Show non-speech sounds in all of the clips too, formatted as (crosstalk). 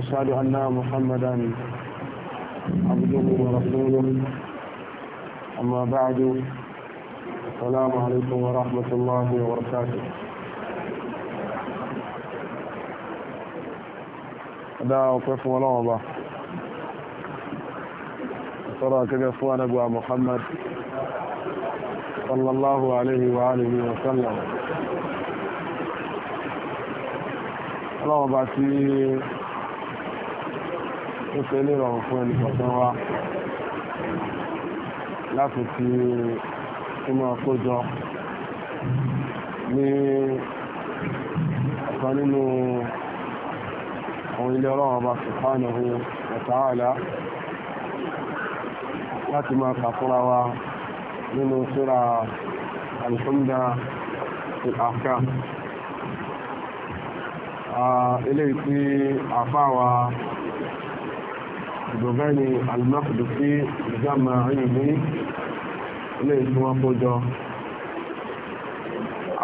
وأشهد أن محمدا عبده ورسوله أما بعد السلام عليكم ورحمة الله وبركاته دا وقف ولا والله ترى كيف أخوان أبو محمد صلى الله عليه وآله وسلم الله بعثي ó ṣe lè rọrùn fún ẹnìkọ̀ọ̀kan wa láti fi túnmọ̀ àkójọ ní ọ̀kan nínú àwọn ilé ọlọ́run ọba subhanahu wa ta'ala láti máa kàfúnra wa nínú síra alhamda ìlàkà eléyìí tí àfáà wa Dùgbẹ́ni Al-Maqdisi Jama Ayìnbí ilé ìtumọ̀ kójọ.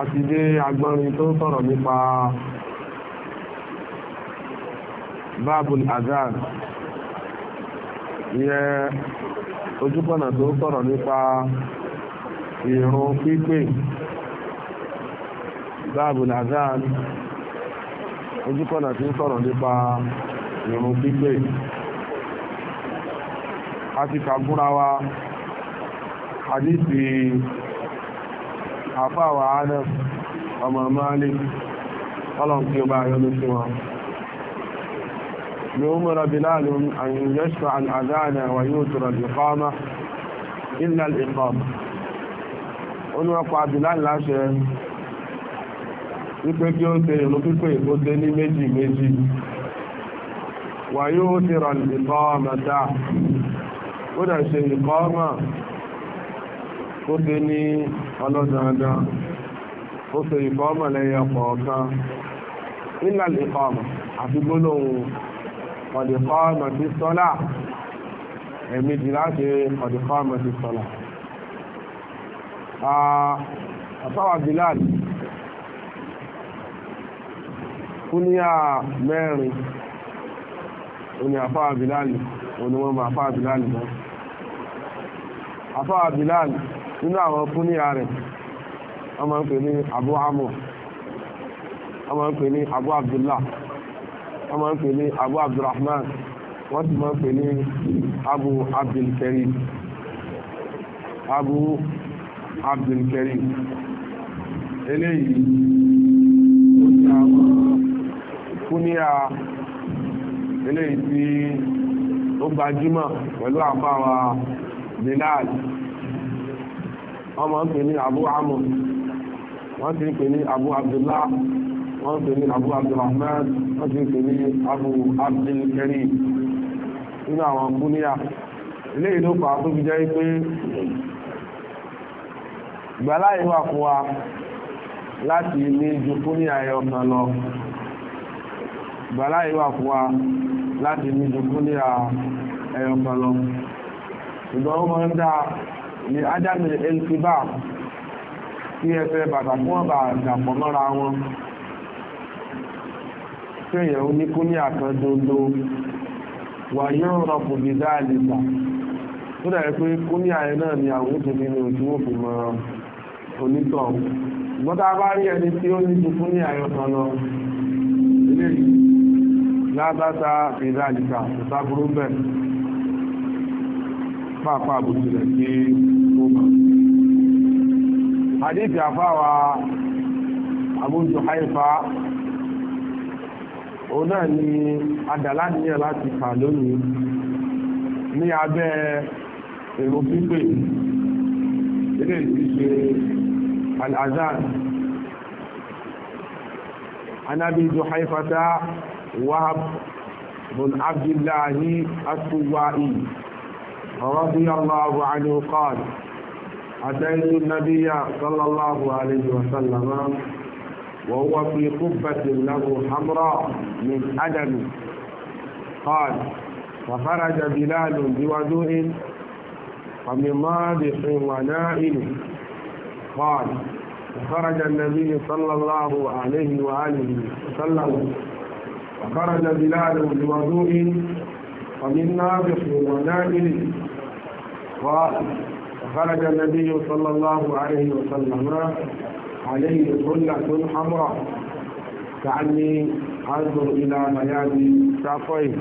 A ti dé agbọ́nrin tó sọ̀rọ̀ nípa Babul Azan. Ìyẹ ojúkọ̀nà tó sọ̀rọ̀ nípa ìrun pípè Babul Azan ojúkọ̀nà tí ń sọ̀rọ̀ nípa ìrun pípè àti kàgúnra wa hadithi àfáwà Anas ọmọ Malik ọlọ́n tí ó bá yọ́nú sí wọn ni ó mọ́ra Bilal an yashfa al'adana wa yóò tura al-iqama illa al-iqama wa yóò tura al-iqama ó dà ṣe ìkọ́ ọmọ ó ṣe ní ọlọ́dandan ó ṣe ìkọ́ ọmọ lẹ́yìn ọkọ̀ ọ̀kan nílà ìkọ́ ọmọ àti gbólóhùn ọ̀dìkọ́ ọmọ ti sọ́lá ẹ̀mejì láti ọ̀dìkọ́ ọmọ ti sọ́lá àtàwà bilal kúníyà mẹ́rin ó àfáà bilal ó ní wọ́n àfáà bilal náà àfáà Bilal nínú àwọn kúníyà rẹ̀ wọ́n máa ń pè ní Abu Amr wọ́n máa ń pè ní Abu Abdullah wọ́n máa ń pè ní Abu Abdurrahman wọ́n sì máa ń ní Abu Abdulkarim Abu Abdulkarim eléyìí ó ti àwọn kúníyà eléyìí tí ó gbajúmọ̀ pẹ̀lú àfáà wa Bilal ọmọ ń pè Abu Amr wọ́n ti ń pè Abu Abdullah wọ́n ń pè Abu Abdulrahman wọ́n ti ń pè Abu Abdulkarim nínú àwọn kúníyà ilé ìlú pa tó fi jẹ́ pé gbàlá ìwà fún wa láti ní ju kúníyà ẹyọ kan lọ gbàlá ìwà fún wa láti ní ju kúníyà ẹyọ kan lọ ṣùgbọ́n ó mọ́ ń dáa ní ádámì elkiba tí ẹfẹ́ bàtà kí wọ́n bá dàpọ̀ mọ́ra wọn tí èyàn ó ní kú ní àkan dodo wà yóò rọpò bìdá àlèkà tó dàrí pé kú ní àyẹ náà ni àwọn òṣèlú ní òṣù wò fi mọ onítọ̀ ṣùgbọ́n a bá rí ẹni tí ó ní ju kú ní àyẹ kan lọ ilé yìí lábátà bìdá àlèkà bẹ́ẹ̀ àfáàfá àbújúlẹ̀ ní ọmọ àdífì àfáwà àbújú haifa o náà ni adàlá ní ẹ̀ láti kà lónìí ní abẹ́ èrò pípé ilé ìṣe al'azán anábí juhaifata wahab bin abdullahi asuwa'i رضي الله عنه قال أتيت النبي صلى الله عليه وسلم وهو في قبة له حمراء من أدم قال فخرج بلال بوضوء ومن ماضح ونائم قال فخرج النبي صلى الله عليه وآله وسلم وخرج بلال بوضوء ومن نابح ونائل وخرج النبي صلى الله عليه وسلم عليه ظلة حمراء كأني أنظر إلى ميادي ساقيه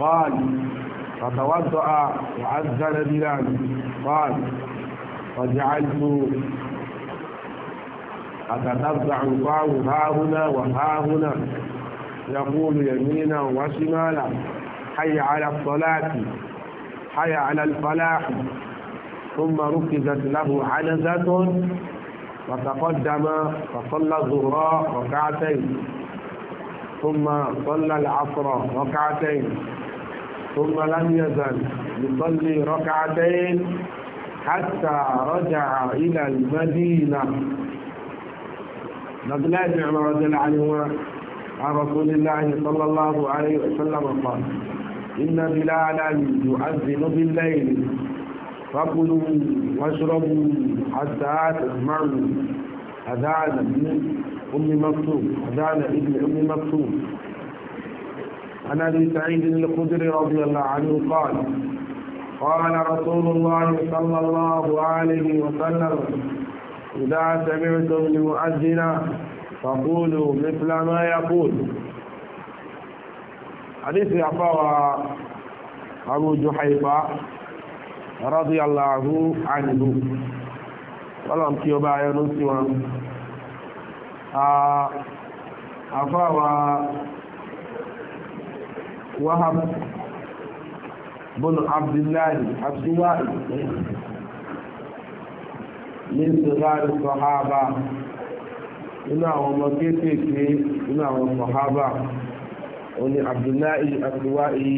قال فتوضأ وعزل بلال قال فجعلت أتتبع ها هنا وها هنا يقول يمينا وشمالا حي على الصلاة حي على الفلاح ثم ركزت له عنزة وتقدم فصلى الظهر ركعتين ثم صلى العصر ركعتين ثم لم يزل يصلي ركعتين حتى رجع إلى المدينة عبد الله بن عمر رضي الله عن رسول الله صلى الله عليه وسلم قال إن بلالا يؤذن بالليل فكلوا واشربوا حتى تسمعوا أذان ابن أم مكتوم أذان ابن أم مكتوم عن أبي سعيد الخدري رضي الله عنه قال قال رسول الله صلى الله عليه وسلم إذا سمعتم المؤذن fàbóòlù mẹ́fìlànà ayapóòlù àdísì àfáwà Abu Juhayfa radiyallahu anhu wọ́n kí ọba ayọ́nú sí wọn àfáwà Wahab bin Abdullahi àti wáyé ní ìsìnkárí sọ̀hábà inú àwọn ọmọ kéékèèké inú àwọn haba òní abdullahi abdullahi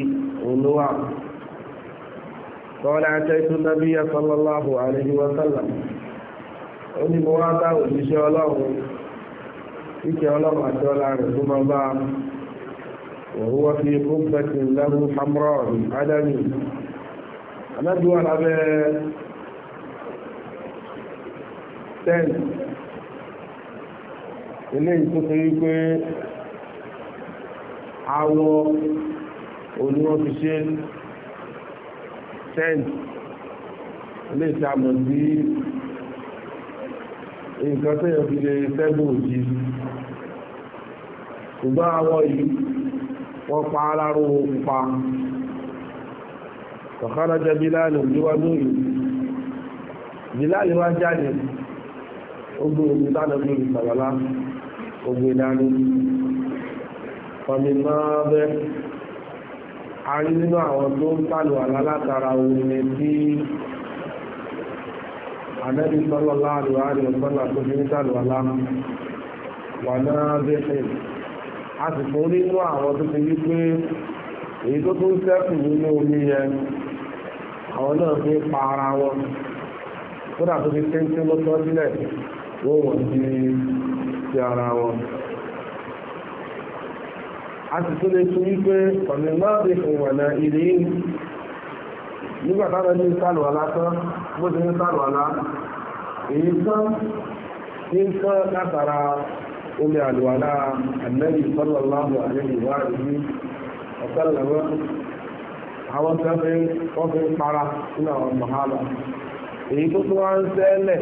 olówà tọ́lá àtẹ́tù Nabiya sallallahu alaihi Wasallam. sallam mo wá bá òṣìṣẹ́ ọlọ́run kíkẹ́ ọlọ́run àti ọlá rẹ̀ tó máa bá òun wọ́n fi eléyìí tó torí pé awọ òní wọ́n fi ṣe tent eléyìí tí a mọ̀ sí nǹkan tó yẹ fi lè sẹ́gun òjì ṣùgbọ́n awọ yìí wọ́n pa aláró pa kọ̀kọ́rọ́jẹ́ bíláàlì òjúwájú yìí bíláàlì wá jáde ó gbé omi tánà lórí gbogbo ìdánú fọmímọ́ bẹ́ a rí nínú àwọn tó ń tàlù àlálátara omi tí ànẹ́bí sọ́lọ́ láàrin àárín ọ̀sọ́lá tó fi ń tàlù àlá wà náà bẹ́ fẹ́ a sì fún nínú àwọn tó ti wípé èyí tó tún sẹ́kù nínú omi yẹn àwọn náà fi pa ara wọn kódà tó fi téńté lọ́tọ́ sílẹ̀ wọ́n wọ̀n sí sí ara wọn a sì tó lè tún wípé ọ̀nà ìmáàbí ìwọ̀nà ilé nígbà táwọn ní sálù alásán bó ti ní sálù alá èyí tán ní tán látara omi àlùwàlá ànẹ́bì sallallahu alaihi wa ọ̀sẹ́lẹ̀wọ́ àwọn tẹ́fẹ́ wọ́n para nínú àwọn mọ̀hálà èyí tó tún wá ń sẹ́lẹ̀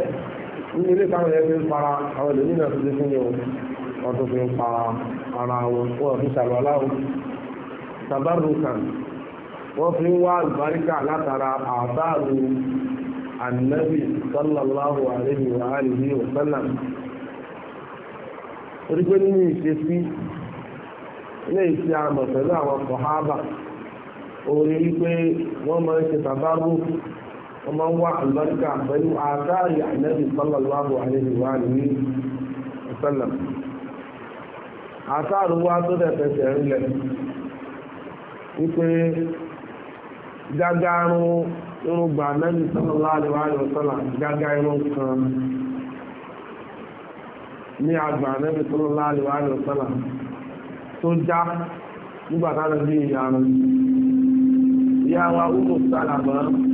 ní ilé táwọn yẹn fi ń para àwọn ẹlòmíì náà fi fún yẹn wọn tó fi ń pa ara wọn fún ọ̀fíì sàlọ́lá o tabarukan wọ́n fi ń wá àlùbáríkà látara àbáàrù ànábì sallallahu alayhi wa alihi wa nínú ìṣesí ilé ìṣe àmọ̀ pẹ̀lú àwọn sọ̀hábà orí wípé wọ́n máa ń ṣe tabarukan wọ́n máa ń wá àlùbáríkà pẹ̀lú àtàrí ànábì sallallahu alaihi wa alihi wa sallam àtàrí wá tó dẹ̀fẹ̀sẹ̀ rílẹ̀ wípé gágárún irúgbà ànábì sallallahu alaihi wa sallam gágá irun kan ní àgbà ànábì sallallahu alaihi wa sallam tó já nígbà tára bí ìyàrá ìyàwó àwọn ọmọ sálàmọ́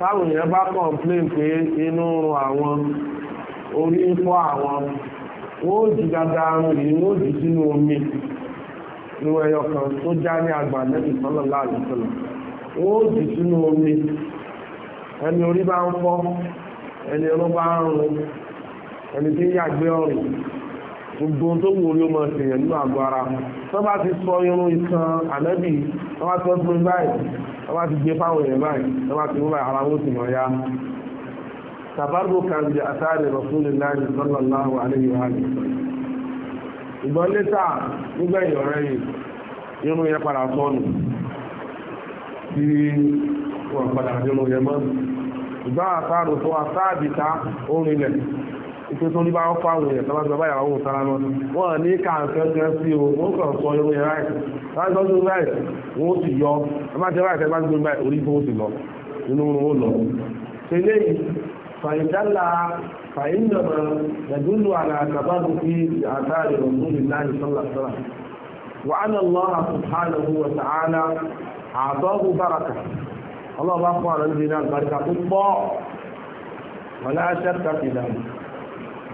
táwọn èèyàn bá complain pé inú àwọn orí ń fọ́ àwọn wọ́n jí dáadáa rùn yìí wọ́n jí sínú omi ní ẹyọ kan tó já ní àgbà nẹ́bí sọ́lọ̀ láàrín wọ́n jí sínú omi ẹni orí bá ń fọ́ ẹni gbogbo tó wù orí ọmọ ìṣèyàn nínú àgọ́ ara tó bá ti sọ irun ìkan ànábì tó bá ti ọdún báyìí tó bá ti gbé fáwọn èèyàn báyìí tó bá ti múlá ara wọn sì mọ̀ ya tàbárò kan di àtàrí Rasulullahi sallallahu alaihi wa alihi ìgbọ́n létà nígbà ìyọ̀rẹ́ yìí irun yẹn padà sọnù tí wọ́n padà nínú yẹn mọ́ ìgbà àtàrò tó àtàbìta ó rinlẹ̀ ìpé tó ní bá fún àwọn èèyàn tọ́bá tọ́bá ìyàwó sára lọ wọ́n ní káàkiri kan sí o wọ́n kàn sọ irun yẹn ráì láti tọ́jú ráì wọ́n sì yọ ẹbá tẹ ráì tẹ́gbá fún sì lọ àgbàríkà tó pọ̀ wọ́n láṣẹ́ kàfìdà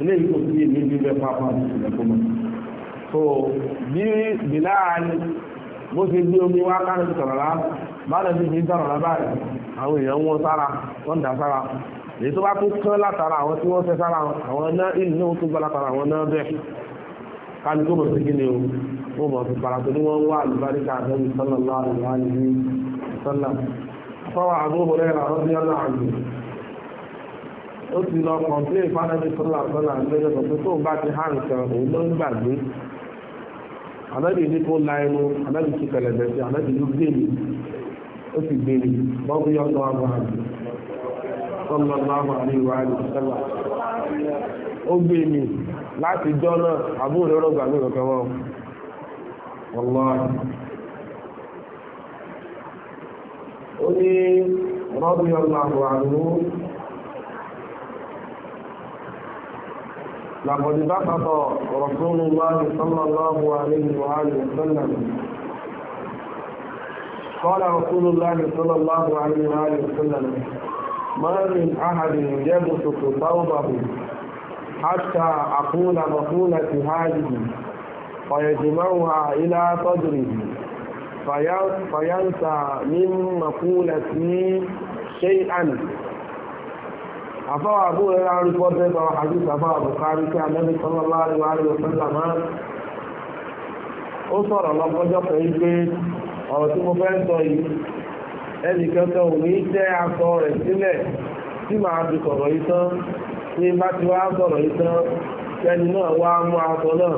ilé yìí kò sí èmi bí bẹ́ẹ̀ pápá ní ìṣẹ̀lẹ̀ fún mi. so bí Bilal bó ṣe gbé omi wá kánú ti sọ̀rọ̀ láà bá lọ sí ìṣẹ́ sọ̀rọ̀ lábàá rẹ̀ àwọn èèyàn wọn sára wọn dà sára èyí tó bá tó kán látara àwọn tí wọ́n fẹ́ sára àwọn náà ìlú náà tó gbá látara àwọn náà bẹ́ẹ̀ kálí tó bọ̀ sí kí ni o wọ́n bọ̀ sí para tó ní wọ́n wá àlùbáríkà àtẹ́bí sallallahu alaihi wasallam fọwọ́ àbúrò rẹ̀ rà ọ́ ó ti lọ kọ̀m̀plé ìfánẹ́bí sọ́lá sọ́lá lórí ọ̀pọ̀ tó bá ti há nǹkan òun ló ń gbàgbé ànábì ní kó la ẹnu ànábì ti kẹlẹ̀bẹ̀ sí ànábì ló gbé ó sì gbé mi bọ́bí ọ̀dọ́ sọ́lá sọ́lá ó láti jọ́ náà gbàgbé kankan ó ní لقد بسط رسول الله صلى الله عليه وآله وسلم قال رسول الله صلى الله عليه وآله وسلم ما من أحد يبسط ثوبه حتى أقول مقولة هذه فيجمعها إلى صدره فينسى من مقولتي شيئا àfáwà àbú ẹ̀rọ arúgbó bẹ́ẹ̀ bá àdúgbò àfáwà bùkárí kí alẹ́bí sọ́lá láàrin wárí òfin làmá ó sọ̀rọ̀ lọ́gbọ́jọ́ pé pé ọ̀rọ̀ tí mo fẹ́ sọ yìí ẹnì kankan ò ní jẹ́ aṣọ rẹ̀ sílẹ̀ tí màá fi sọ̀rọ̀ yìí tán tí bá ti wá sọ̀rọ̀ yìí tán kẹ́ni náà wá mú aṣọ náà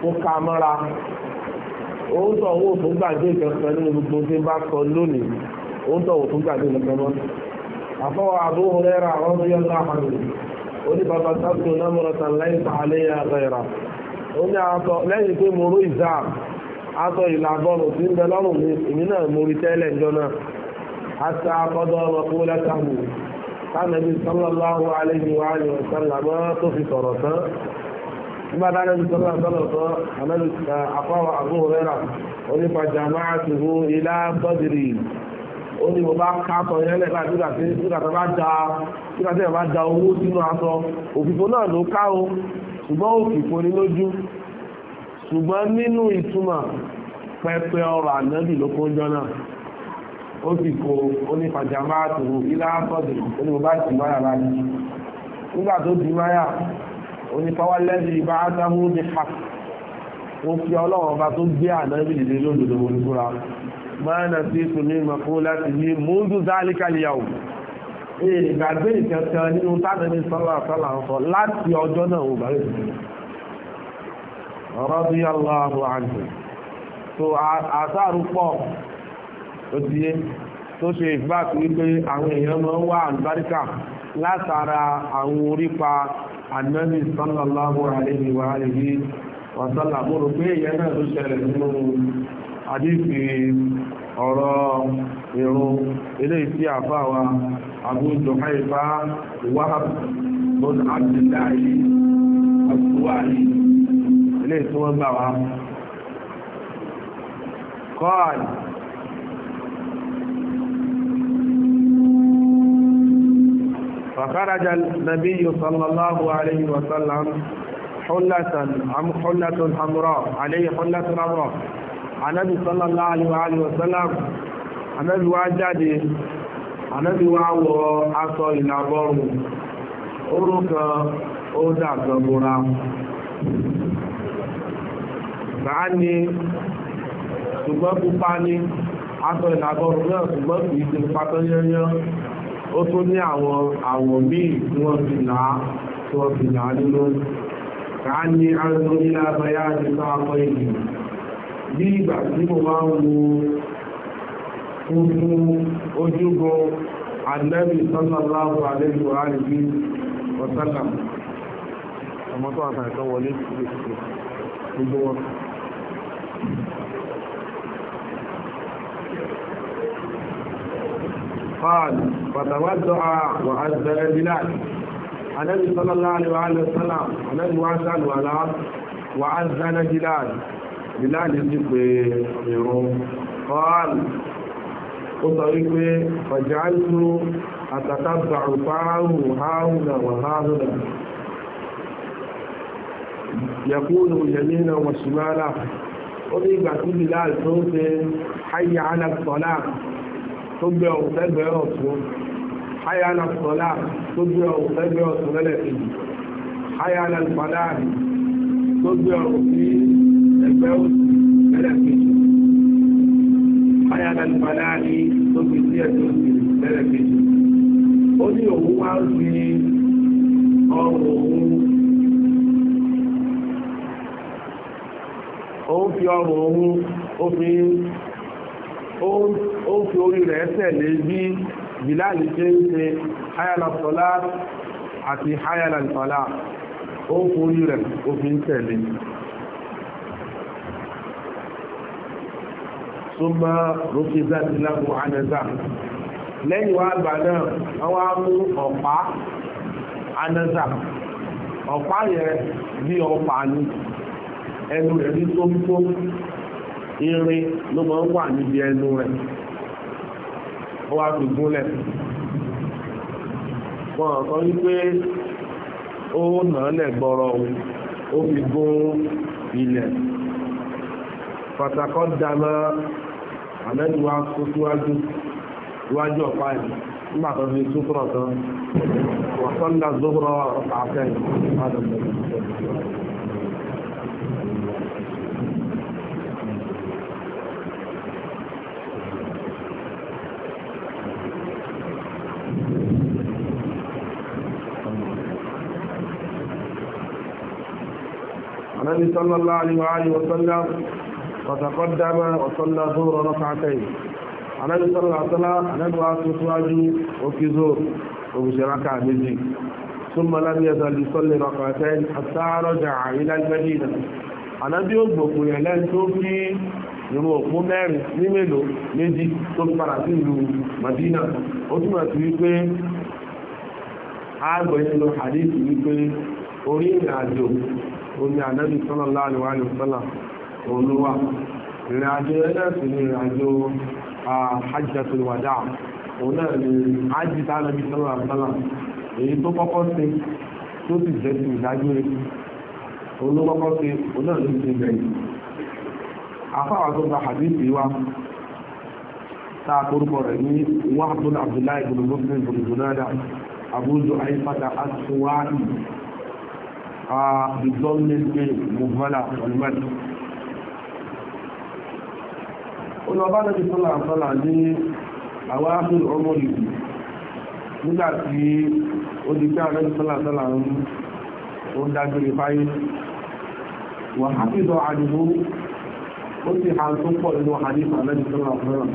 kó ka mọ́ra òun tọ̀ owó tó gbàgbé kankan nínú gbogbo tí bá sọ lónìí òun tọ̀ owó tó gbàgbé kankan mọ́ afọwọ́ Abu Hurairah radiyallahu anhu ó ní bàbá sáfù namratan laysa alayha ghayra ó ní àtọ̀ lẹ́yìn pé mo rú ìzá àtọ̀ ìlàbọ̀nù tí ń bẹ lọ́rùn mi èmi náà mo rí tẹ́lẹ̀ jọ náà àti àkọ́dọ̀ ọmọkùnrin lẹ́tàmù tánàbí sallallahu alayhi wa alihi wa sallam tó fi sọ̀rọ̀ ó ní mo bá ká aṣọ yẹn lẹ̀ láti nígbà tó bá da nígbà tó bá da owó sínú aṣọ òfìfo náà ló ká o ṣùgbọ́n òfìfo ni lójú ṣùgbọ́n nínú ìtumọ̀ pẹpẹ ọ̀rọ̀ ànábì ló kó jọ náà ó sì kó onífàjàmá àtòrò ilá sọ́dẹ̀ onímọ̀bá ìtìmọ́ yàrá yìí nígbà tó di máyà onífàwálẹ́bì bá ádámú ní pàtó mo fi ọlọ́run ọba tó gbé ànábì lè lódodo mo ní fúra máa nà sí ìtùmí mọ̀kún láti ní mọ́ndú záàlíkàlìyàwó ìgbàgbé ìkẹta nínú tánàbí sọ́lá sọ́lá ń sọ láti ọjọ́ náà ò bàrẹ̀ ìdílé ọ̀rọ̀ bí aláàbò àjò tó àtàrú pọ̀ tó ti yé tó ṣe ìgbàkú wípé àwọn èèyàn máa ń wá àlùbáríkà látara àwọn orípa ànábì sọ́lá láàbò àlejò wa àlejò wàsálà mo rò pé èèyàn náà ló ṣẹlẹ̀ nínú àdífi ọ̀rọ̀ ìrun ilé ìsí àfáwà àbújọ haifá wahab bọ́n abdullahi asuwari ilé ìsí wọ́n gbà wá kọ́ọ̀lì فخرج النبي صلى الله عليه وسلم حلة عم حلة حمراء عليه حلة حمراء anábì sallallahu alaihi wa sallam anábì wá jáde anábì wá wọ aṣọ ìlàbọ̀rùn orúkan ó dàgbà múra bàá ní ṣùgbọ́n pupa ní aṣọ ìlàbọ̀rùn náà ṣùgbọ́n kìí ṣe pátọ́ yẹ́yẹ́ ó tún ní àwọn àwọ̀ míì tí wọ́n fi làá tí wọ́n fi làá nínú kàá ní arúgbó nílá abẹ́yá nípa akọ ìlú bí ìgbà tí mo máa ń wo ogun ojúgo ànábì sallallahu alaihi wa alihi wa sallam ọmọ tó wà tàbí wọlé gbogbo wọn قال فتوضع عليه وسلم النبي وأذن ولا Bilal ní pé ìrún kọ́ọ̀lù ó sọ wípé ọjà ìlú àtàtàbà ìfáàrùn ààrùnà wà ààrùnà yẹkúrò yẹmínà wà ṣùgbọ́nà ó ní ìgbà tí Bilal tó ń ṣe hayya ala sọ́lá tó gbé ọ̀sẹ́gbẹ̀ẹ́ ọ̀tún ẹgbẹ́ òsì lẹ́lẹ̀ kejì ayára nípadà ní tó fi sí ẹ̀sìn òsì lẹ́lẹ̀ kejì ó ní òun wá sí ọrùn òun òun fi ọrùn òun ó fi ó fi orí rẹ̀ tẹ̀lé bí bìláàlì ṣe ń ṣe hayala sọlá àti hayala sọlá ó ń forí rẹ̀ ó fi ń tẹ̀lé súnmọ́ rókèzá ti lágùn anẹ́zá lẹ́yìn wá gbà náà wọ́n á mú ọ̀pá anẹ́zá ọ̀pá yẹn bí ọ̀pá ni ẹnu rẹ̀ ní tóńtó irin ló máa ń wà níbi ẹnu rẹ̀ ó wá fi gúnlẹ̀ wọn sọ wípé ó nà án lẹ̀ gbọ́rọ̀ ó fi gún ilẹ̀ pàtàkọ́ dáná àmẹ́lú wa kó síwájú síwájú ọ̀pá ẹ̀ nígbà tó fi súnfúrọ̀ tán wàsánlá zóhùrọ̀ ọ̀pá akẹ́yìn Ànábì sallallahu alaihi wa فتقدم وصلى ظهر ركعتين النبي صلى الله عليه وسلم النبي أسواجه وفي ظهر وفي ركعة مجي ثم لم يزل يصلي ركعتين حتى رجع إلى المدينة النبي يطبق ويعلن توفي ìrún òpó mẹ́rin ní mélòó méjì tó padà sí ìlú Madina ó túnmọ̀ hadith wípé orí ìrìn àjò omi ànábì sallallahu alaihi wa sallam olúwa ìrìnàjò ẹlẹ́sìn ní ìrìnàjò hajjatul wada òun náà ni ájítà alábi sọ́rọ̀ àbúrà èyí tó kọ́kọ́ ṣe tó sì jẹ́ ti ìdájúre òun ló kọ́kọ́ ṣe òun náà ló ti bẹ̀rẹ̀ afáwà tó gba hadithi wa ta torúkọ rẹ̀ ní wọ́n àbúrò abdullahi ibn muslim ibn junada abudu aifata asuwari a the government olùwàbá lẹ́bí sọ́là àtọ́là ní àwọn ápùn ọmọ ìlú nígbàtí ó di pé àrẹ́bí sọ́là àtọ́là ń dágbére fáyé wà hápìdọ̀ àdìbò ó ti hàn tó pọ̀ nínú àdìbò àrẹ́bí sọ́là àtọ́là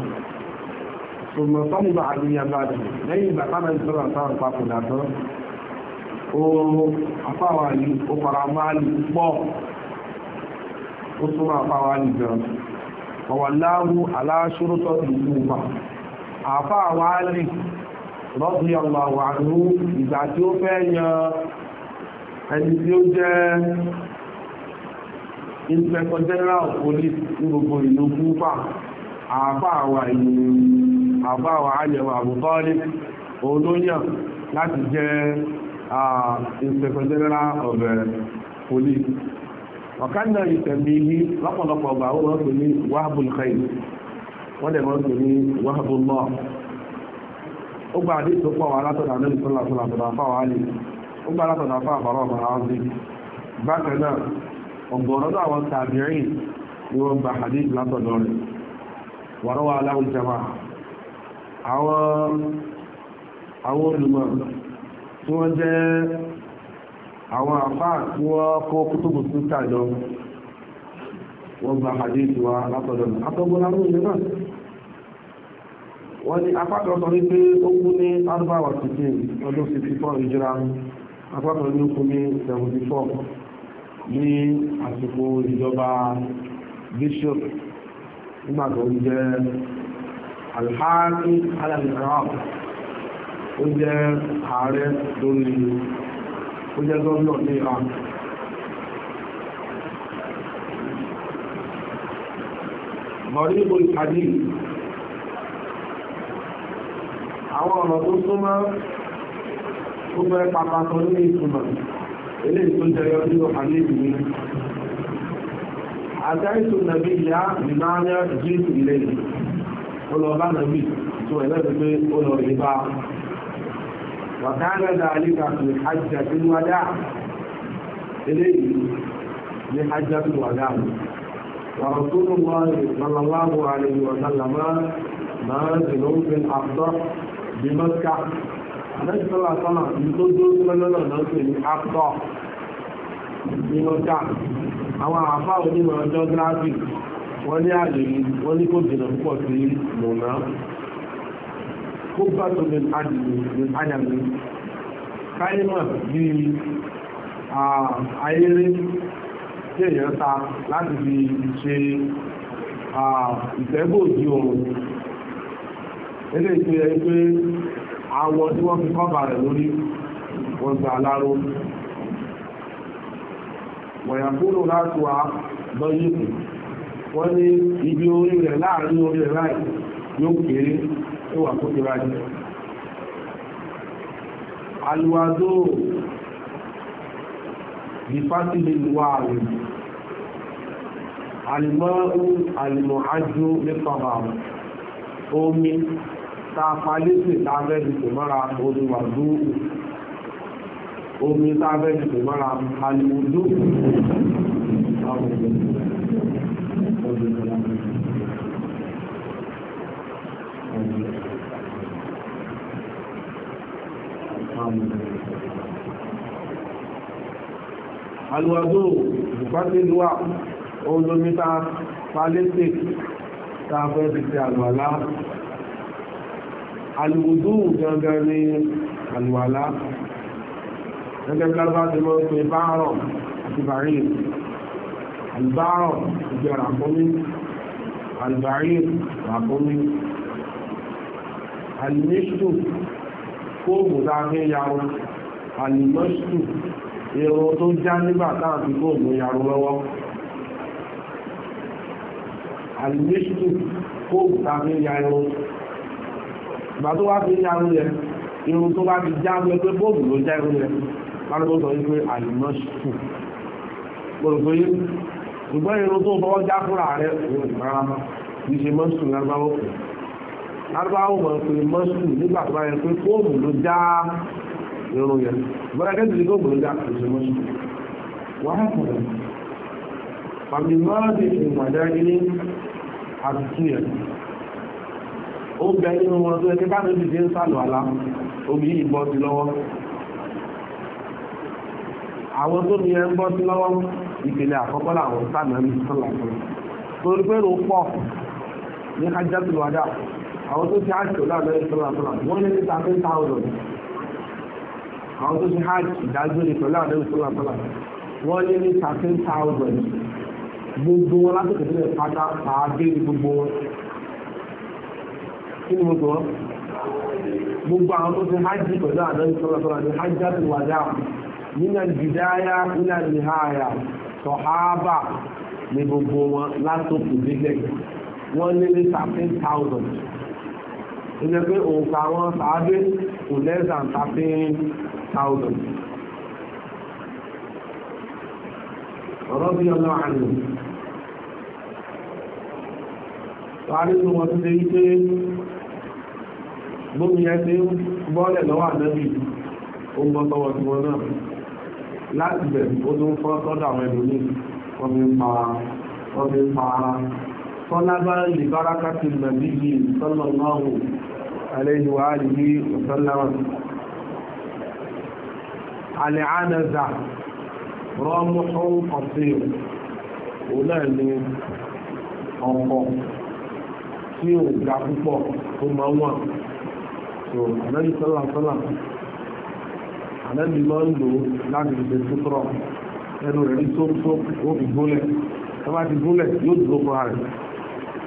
sọmọ sọ́mùbà àdìyà bá dì lẹ́yìn ìgbà tábẹ́bí sọ́là àtọ́là ó súnmọ́ afáwà yìí ọ̀wàláwú aláṣúrútọ̀ ìlúmà àfá àwárí rọ́bí ọmọ àwárú ìgbà tí ó fẹ́ yan ẹni tí ó jẹ́ inspector general police ní gbogbo ìlú kúfà àfá àwà ìlú àfá àwà àlẹ̀wà àbútọ́lé olóyàn láti jẹ́ inspector general of eh, police ọ̀kan náà ìtẹ̀mí yí lọ́pọ̀lọpọ̀ ọgbà ó wọ́n pè ní wáhábùl khair wọ́n dẹ̀ wọ́n pè ní wáhábùl náà ó gba àdé tó pọ̀ wà látọ̀dọ̀ àdébì tó lásọ̀rọ̀ àtọ̀dọ̀ àfà wà lè ó gba látọ̀dọ̀ àfà tí wọ́n jẹ́ àwọn àfáà tí wọ́n kó kútùbù síta lọ wọ́n gba hadith wa látọ̀dọ̀ àtọ́gbọ́n láwọn ìlú náà wọ́n ní apákan sọ wípé ó kú ní arúbáwà tìtì ọdún 64 ìjìra apákan ní ó kú ní 74 ní àsìkò ìjọba bishop nígbà tó ń jẹ́ alhaki alamiraw ó ààrẹ lórí ó jẹ́ gọ́ọ̀nà ní ìran mọ̀rígbò ìpàdé àwọn ọ̀rọ̀ tó súnmọ́ tó fẹ́ pàpàtọ̀ ní ìtumọ̀ ilé tó jẹyọ ní ọ̀pàdé ìgbìmí àtẹ́ìtò nàbí ìyá ìmáyà jíìtì ilẹ̀ ọlọ́bá nàbí tó ẹ̀lẹ́gbẹ̀ẹ́ olọ́rẹ̀ bá wàkánà dáadéka fi hajjá tí wà dáa eléyìí ní hajjá tí wà dáa wà rọ̀tún wọ́n sallallahu alaihi wa sallama máa zìnà òfin àpọ̀ bí mọ́ká adájútọ́lá sọ́nà tó dó lọ́lọ́lọ́ àpọ̀ bí mọ́ká àwọn ní àlè wọ́n ní kó bá tó lè ádàmì káyímọ̀ bí ayéré tí èèyàn ta láti fi ṣe ìtẹ́gbòjì ohun ilé ìpé ẹ pé àwọn tí wọ́n fi kọ́bà rẹ̀ lórí wọ́n gbà aláró wọ̀yàkúrò láti wà lọ́yìnkù wọ́n ní ibi orí rẹ̀ láàrin orí rẹ̀ láì yóò kéré ẹwà kó ti rájí alùwàdó ìfásílẹ̀ wà rí alìmọ́rú alìmọ̀hájú nípa bàbá omi tàfàlẹ́sì tàbẹ́bì tó mọ́ra olùwàdó omi tàbẹ́bì tó mọ́ra alìmọ̀dó Thank you alùwàdó ìfàtílúwà olómítà palẹ́tẹ̀ tààfẹ́ ti ti àlùwàlá alùwùdó gangan ní àlùwàlá gẹ́gẹ́ bí lábá ti mọ́ pé báárọ̀ àti bàárí alimishtu kóòmù tá a fi ń yarun alimishtu irun tó já nígbà tá a fi kóòmù yarun lọ́wọ́ alimishtu kóòmù tá a fi ń ya irun ìgbà tó wá fi ń yarun yẹn irun tó bá ti já lọ pé bóòmù ló já irun yẹn lálọ́gbọ́n sọ wípé tó bọ́ já fúnra arúgbáwò mọ̀ pé mọ́sù nígbà tó bá yẹ pé fóòmù ló dá irun yẹn bọ́dá kẹ́sì ní fóòmù ló dá ìṣe mọ́sù wàhálà kọ̀ọ̀dà àmì mọ́ọ̀dì ìwàdá ilé àtúnyẹ̀ ó bẹ nínú wọn tó ẹgbẹ́ bá ní ìdíje ń sàlọ̀ àlá omi yìí bọ́ sí lọ́wọ́ àwọn tó ní ẹ ń bọ́ sí lọ́wọ́ ìpele àkọ́kọ́ làwọn sàmì ẹni sọ́lá fún torí pé ló pọ̀ ní kájá tó wádà àwọn tó ṣe hajj lábẹ́ ìṣọ́lá wọ́n ní níta ten àwọn tó ṣe hajj ìdájọ́ ìṣọ́ ìṣọ́lá wọ́n ní níta ten gbogbo wọn lásìkò sílẹ̀ pátá pàágé ní gbogbo wọn kí ni mo sọ gbogbo àwọn tó ṣe hajj pẹ̀lú àdán ìṣọ́lá ní gbogbo wọn látòkù nílẹ̀ wọ́n ní ní thirteen ó jẹ́ pé òǹkà àwọn sàábé kò less than thirteen thousand. ọ̀rọ̀ bí ọ̀nà àná wàá nínú wọn ti ṣe wípé gbómi ẹ ti bọ́ọ̀lẹ̀ lọ́wọ́ ànábì ó tí wọn náà láti bẹ̀ ó tún fọ́ sọ́dọ̀ àwọn ẹlòmíì wọ́n fi ń طلبا لبركة النبي صلى الله عليه وآله وسلم العنزة رمح قصير ولاني ọkọ̀ tí ó ga púpọ̀ tó máa wà tó ànábì sọ́là sọ́là ànábì máa ń lò láti ṣe sútúrọ̀ ẹnu rẹ̀ ní tó tó ó fi gúnlẹ̀ tó bá ti gúnlẹ̀ yóò dúró fún ààrẹ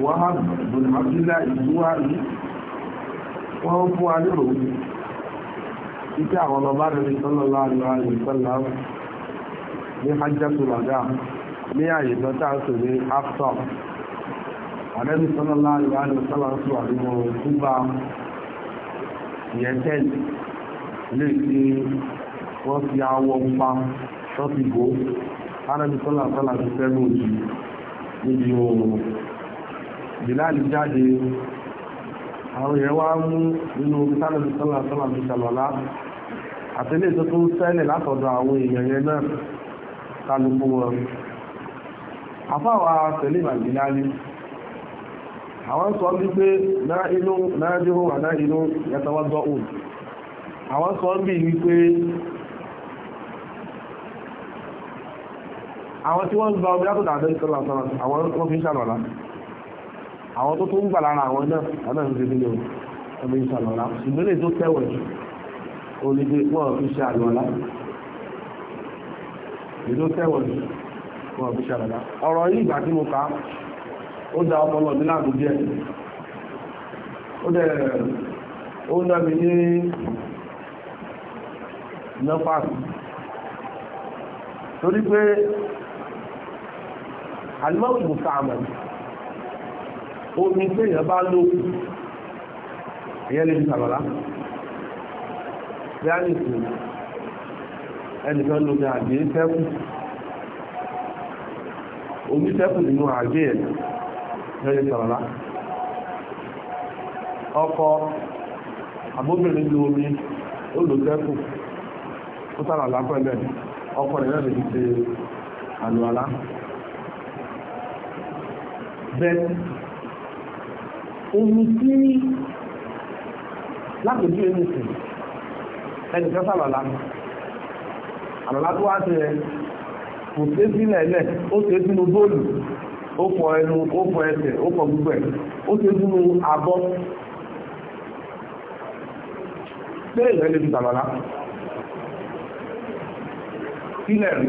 Wahab bin Abdullah Zuhari wọ́n fún wa lérò títí àwọn ọlọ́bá rẹ̀ sallallahu alaihi wasallam ní hajjatul wada ní àyè lọ́tà sí ní afta àdẹ́bí sallallahu alaihi wasallam sí àdúgbò kúbà yẹtẹ́l lè ṣe wọ́n fi awọ pa ṣọ́fìgbó àdẹ́bí sallallahu alaihi wasallam ti fẹ́ lóòjì níbi oòrùn Bilal jáde àwọn èèyàn wá mú nínú omi tánàbí sọ́là sọ́là bí sàlọ́lá àtẹ́lẹ̀ tó tún sẹ́lẹ̀ látọ̀dọ̀ àwọn èèyàn yẹn náà kálukú wọn afáwà tẹ̀lé Bilal àwọn sọ wípé náà inú náà dúró wà náà inú yàtọ̀wọ́dọ̀ òun àwọn sọ bí wípé àwọn tí wọ́n gba omi látọ̀dọ̀ àdọ́ ìsọ́lá sọ́lá àwọn wọ́n fi ń ṣàlọ́lá àwọn tó tó ń gbà lára àwọn náà àwọn náà ń ṣe nílò ọmọ ìṣe àlọ́lá ìgbélé tó tẹ́wẹ̀ jù onígbé wọ́n fi ṣe àlọ́lá èyí tó tẹ́wẹ̀ jù wọ́n fi ṣe àlọ́lá ọ̀rọ̀ yìí ìgbà tí mo kà ó da ọpọlọ mi láàbù díẹ̀ ó dẹ̀ ó ná mi ní nọ́fàsì torí pé alimọ́ọ̀kì omi tí èyàn bá ló èyàn lè fi sàbàlá bí a ní ìsìn ẹnìkan lómi àgbé sẹ́kù omi sẹ́kù nínú àgbé ẹ̀ èyàn lè sàbàlá ọkọ àbóbìnrin ní omi olùsẹ́kù ó sàbàlá pẹ̀lẹ̀ ọkọ rẹ̀ náà lè fi ṣe àlùwàlá bẹ́ẹ̀ omi tí lápòjú ẹni sùn ẹni kan sàlọ̀lá àlọ́lá tó wá sí ẹ kò tẹ́ sílẹ̀ ẹ̀lẹ̀ ó tẹ́ sínú bóòlù ó pọ̀ ẹnu ó pọ̀ ẹsẹ̀ ó pọ̀ gbogbo ẹ̀ ó tẹ́ sínú abọ́ pé ìrẹ́lẹ̀ fi sàlọ̀lá sílẹ̀ rí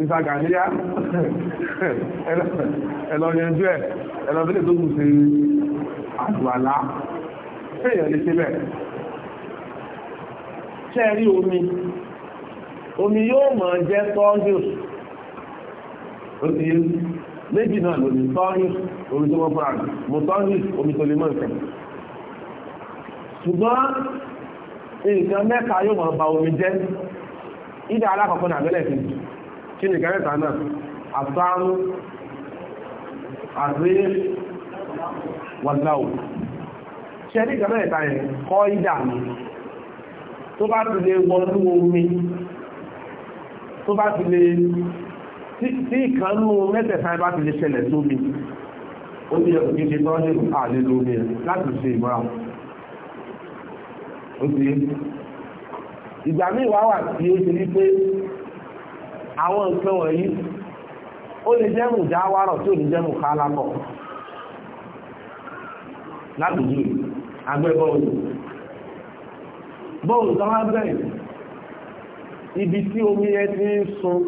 ìsàgàdíyá ẹlọ́yẹnjú ẹ̀ ẹlọ́bílẹ̀ tó kù sí àgbàlá fẹ́yẹ̀ lè ṣe bẹ́ẹ̀ ṣẹ́ rí omi omi yóò mọ̀ jẹ́ tọ́jú òsì méjì náà ló ní tọ́jú omi tó mọ́ fún àgbà mo tọ́jú omi tó lè mọ́ ìfẹ́ ṣùgbọ́n nǹkan mẹ́ta yóò mọ̀ ba omi jẹ́ ìdá alákọ̀ọ́kọ́ nàbẹ́lẹ̀ kejì kí ni kẹrẹta náà àtàánú àti wàláwò ṣe ní kẹrẹta yẹn kọ́ ìdà mi tó bá ti lè wọnú omi tó bá ti lè tí ìkànnú mẹ́tẹ̀ẹ̀ta bá ti lè ṣẹlẹ̀ sómi ó ní ẹ̀kùnkí ṣe tọ́ ní àlè lómi láti ṣe ìmọ́ra ó ti ìgbà míì wá wà tí àwọn nǹkan wọ̀nyí ó lè jẹ́ mùjá wárọ̀ tí ò ní jẹ́ mùká bọ́ọ̀lù tó máa bẹ̀rẹ̀ ibi tí omi ẹ ti ń sun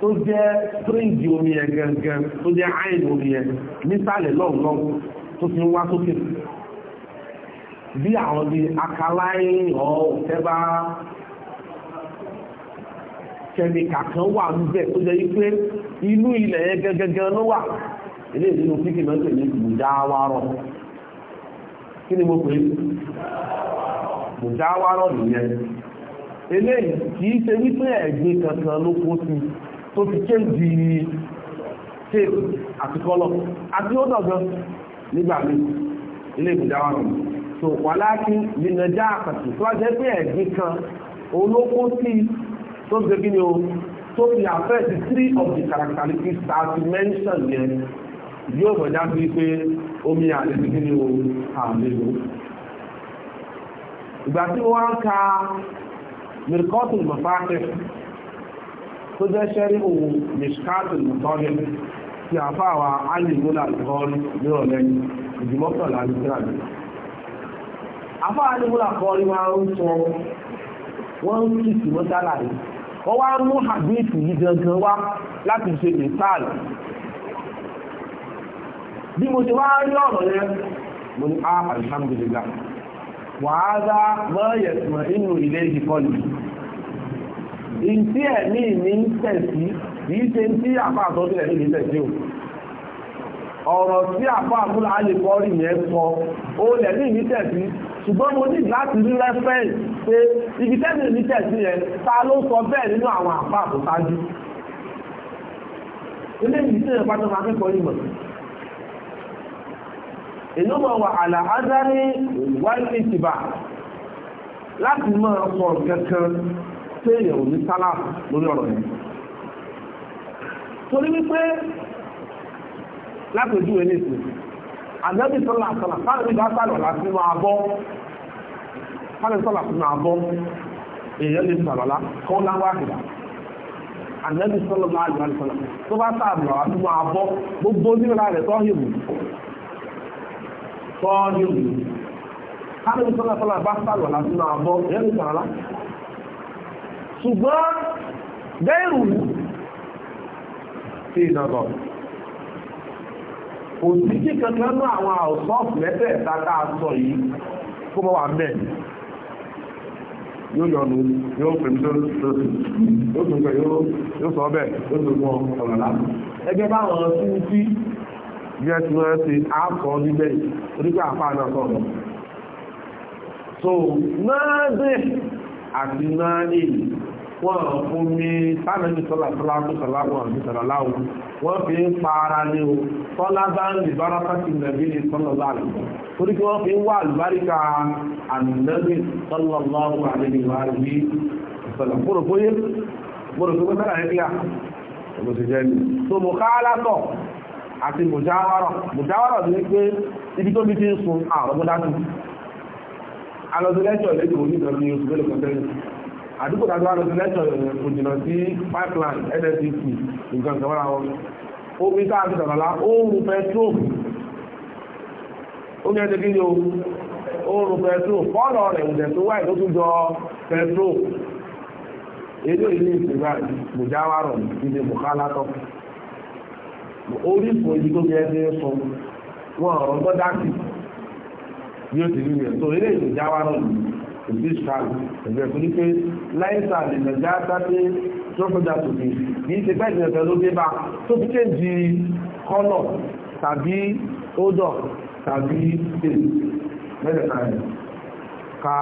tó jẹ́ príǹdì omi ẹ gẹ́gẹ́ tó jẹ́ àìlú omi ẹ nísàlẹ̀ lọ́ọ̀lọ́ọ̀ kẹmíkà kan wà ń bẹ̀ tó jẹ́ wípé inú ilẹ̀ yẹn gẹ́gẹ́gẹ́ ló wà ilé ìdílé fíkì náà tẹ̀lé mùdáwárọ̀ kí ni mo pè é mùdáwárọ̀ nìyẹn eléyìí kì í ṣe wípé ẹ̀gbin kankan ló kó sí tó fi ké di tape àti kọ́lọ̀ àti ó dọ̀gbọ́n nígbà mi ilé ìdáwàrùn so wà láti nínú ẹjá àkàtì tó wá jẹ́ pé ẹ̀gbin kan olókó sí tó ń gbégí ni o tó fi àfẹ́ sí three of the characteristics that you mentioned yẹn yóò bọ̀ já sí pé omi àlejò kí ni o àlejò ìgbà tí wọ́n ń ka mirkotul mafakir tó jẹ́ ṣẹ́rí ohun mishkatul mutọ́lẹ̀ tí a fà wá alìmúlà kọ́ọ̀lù nírọ̀lẹ́ ìdìmọ́kànlá ní tíráàdì afá alìmúlà kọ́ọ̀lù máa ń sọ wọ́n ń kìtì mọ́tálà yìí ó wá mú hadith yìí gangan wá láti ṣe ìsáàlì bí mo ṣe wá rí ọ̀rọ̀ yẹn mo ní a ah, alhamdulillah wàhálà mọ́yẹ̀ tìmọ̀ inú ilé ìkọlù ìtí ẹ̀ ní ìní tẹ̀sí yìí ṣe ń tí àpá àtọ́sílẹ̀ ní o ọ̀rọ̀ tí àpá àbúlà alẹ́kọ́ rí yẹn tẹ̀sí ṣùgbọ́n mo ní láti rí rẹ́fẹ́ǹsì pé ibi tẹ́sí ní tẹ̀sí yẹn ta ló sọ bẹ́ẹ̀ nínú àwọn àpá àbòtájú ilé yìí sí ìpàtó máa kẹ́kọ̀ọ́ ìmọ̀ èyí mọ̀ wà àlàáza ní wáyé ìtìbà láti mọ̀ ọ̀pọ̀ kankan tí èèyàn ò ní sálà lórí ọ̀rọ̀ yẹn torí wípé lápèjúwe ní ìsìn àjọ́bí sọ́lá àtàlà fáwọn ìgbà sálọ̀ láti máa bọ́ hálẹ̀ sọ́là fún àbọ̀ èèyàn lè sàlọ́lá kọ́ láwá àkìdá ànẹ́bí sọ́lọ́ máa yọ àlùfọ́lá tó bá sàbùrọ̀ àti mọ àbọ̀ gbogbo nílá rẹ̀ tọ́hìrù tọ́hìrù hálẹ̀ sọ́là sọ́là bá sàlọ́lá fún àbọ̀ èèyàn lè sàlọ́lá ṣùgbọ́n gẹ́rù sí ìdọ̀dọ̀ òsì kíkankan náà àwọn àwòsọ́ọ̀fù mẹ́tẹ̀ẹ̀ta tá a sọ yìí kó mọ́ wà mẹ́rin yóò yọnu yóò pèmí lórí yóò tún pẹ̀ yóò sọ bẹ́ẹ̀ yóò tún ọ̀nà láti. ẹgbẹ́ báwọn sí sí bí ẹ wọ́n ṣe àkọ́ níbẹ̀ onígbà àpáà sọ̀rọ̀. so náà dé àti náà wọ́n fún mi sáàmẹ́jì tọ́lá tọ́lá tó tọ́lá wọn àti tọ́lá láwọn wọ́n fi ń pa ara ní o tọ́lá bá ń lè bára fásitì nàbí ní tọ́lá láàrín torí kí wọ́n fi ń wà àlùbáríkà ànàbí tọ́lá láwọn àti mùjáwárọ̀ ní pé àdúgbò tàbí wà lọ́sí lẹ́sọ̀ òjìnà sí pipeline nsdc nǹkan kan wọ́n wọn omi tá a ti sàbàlá oòrùn petro omi ẹ̀sẹ̀ kí ni o oòrùn petro fọ́ọ̀lọ̀ rẹ̀ ǹdẹ̀ tó wáyé tó tún jọ petro èdè ilé ìsìnkà mùjáwárọ̀ ìdè mùkálátọ̀ orísun ibi tó fi ẹsẹ̀ sọ wọn ọ̀rọ̀ gbọ́dá sí bí ó ti rí rẹ̀ tó ilé ìsìnkà mùjáwárọ̀ yìí ìbí ìṣàlù ẹ̀gbẹ́ fún wípé láìsà lè nàìjíríà sáté trókòdà tòkè kì í ṣe pẹ́ ìṣẹ̀fẹ́ ló dé bá tó fi ké di kọ́lọ̀ tàbí ódọ̀ tàbí tèlè mẹ́tẹ̀ẹ̀ta rẹ̀ ka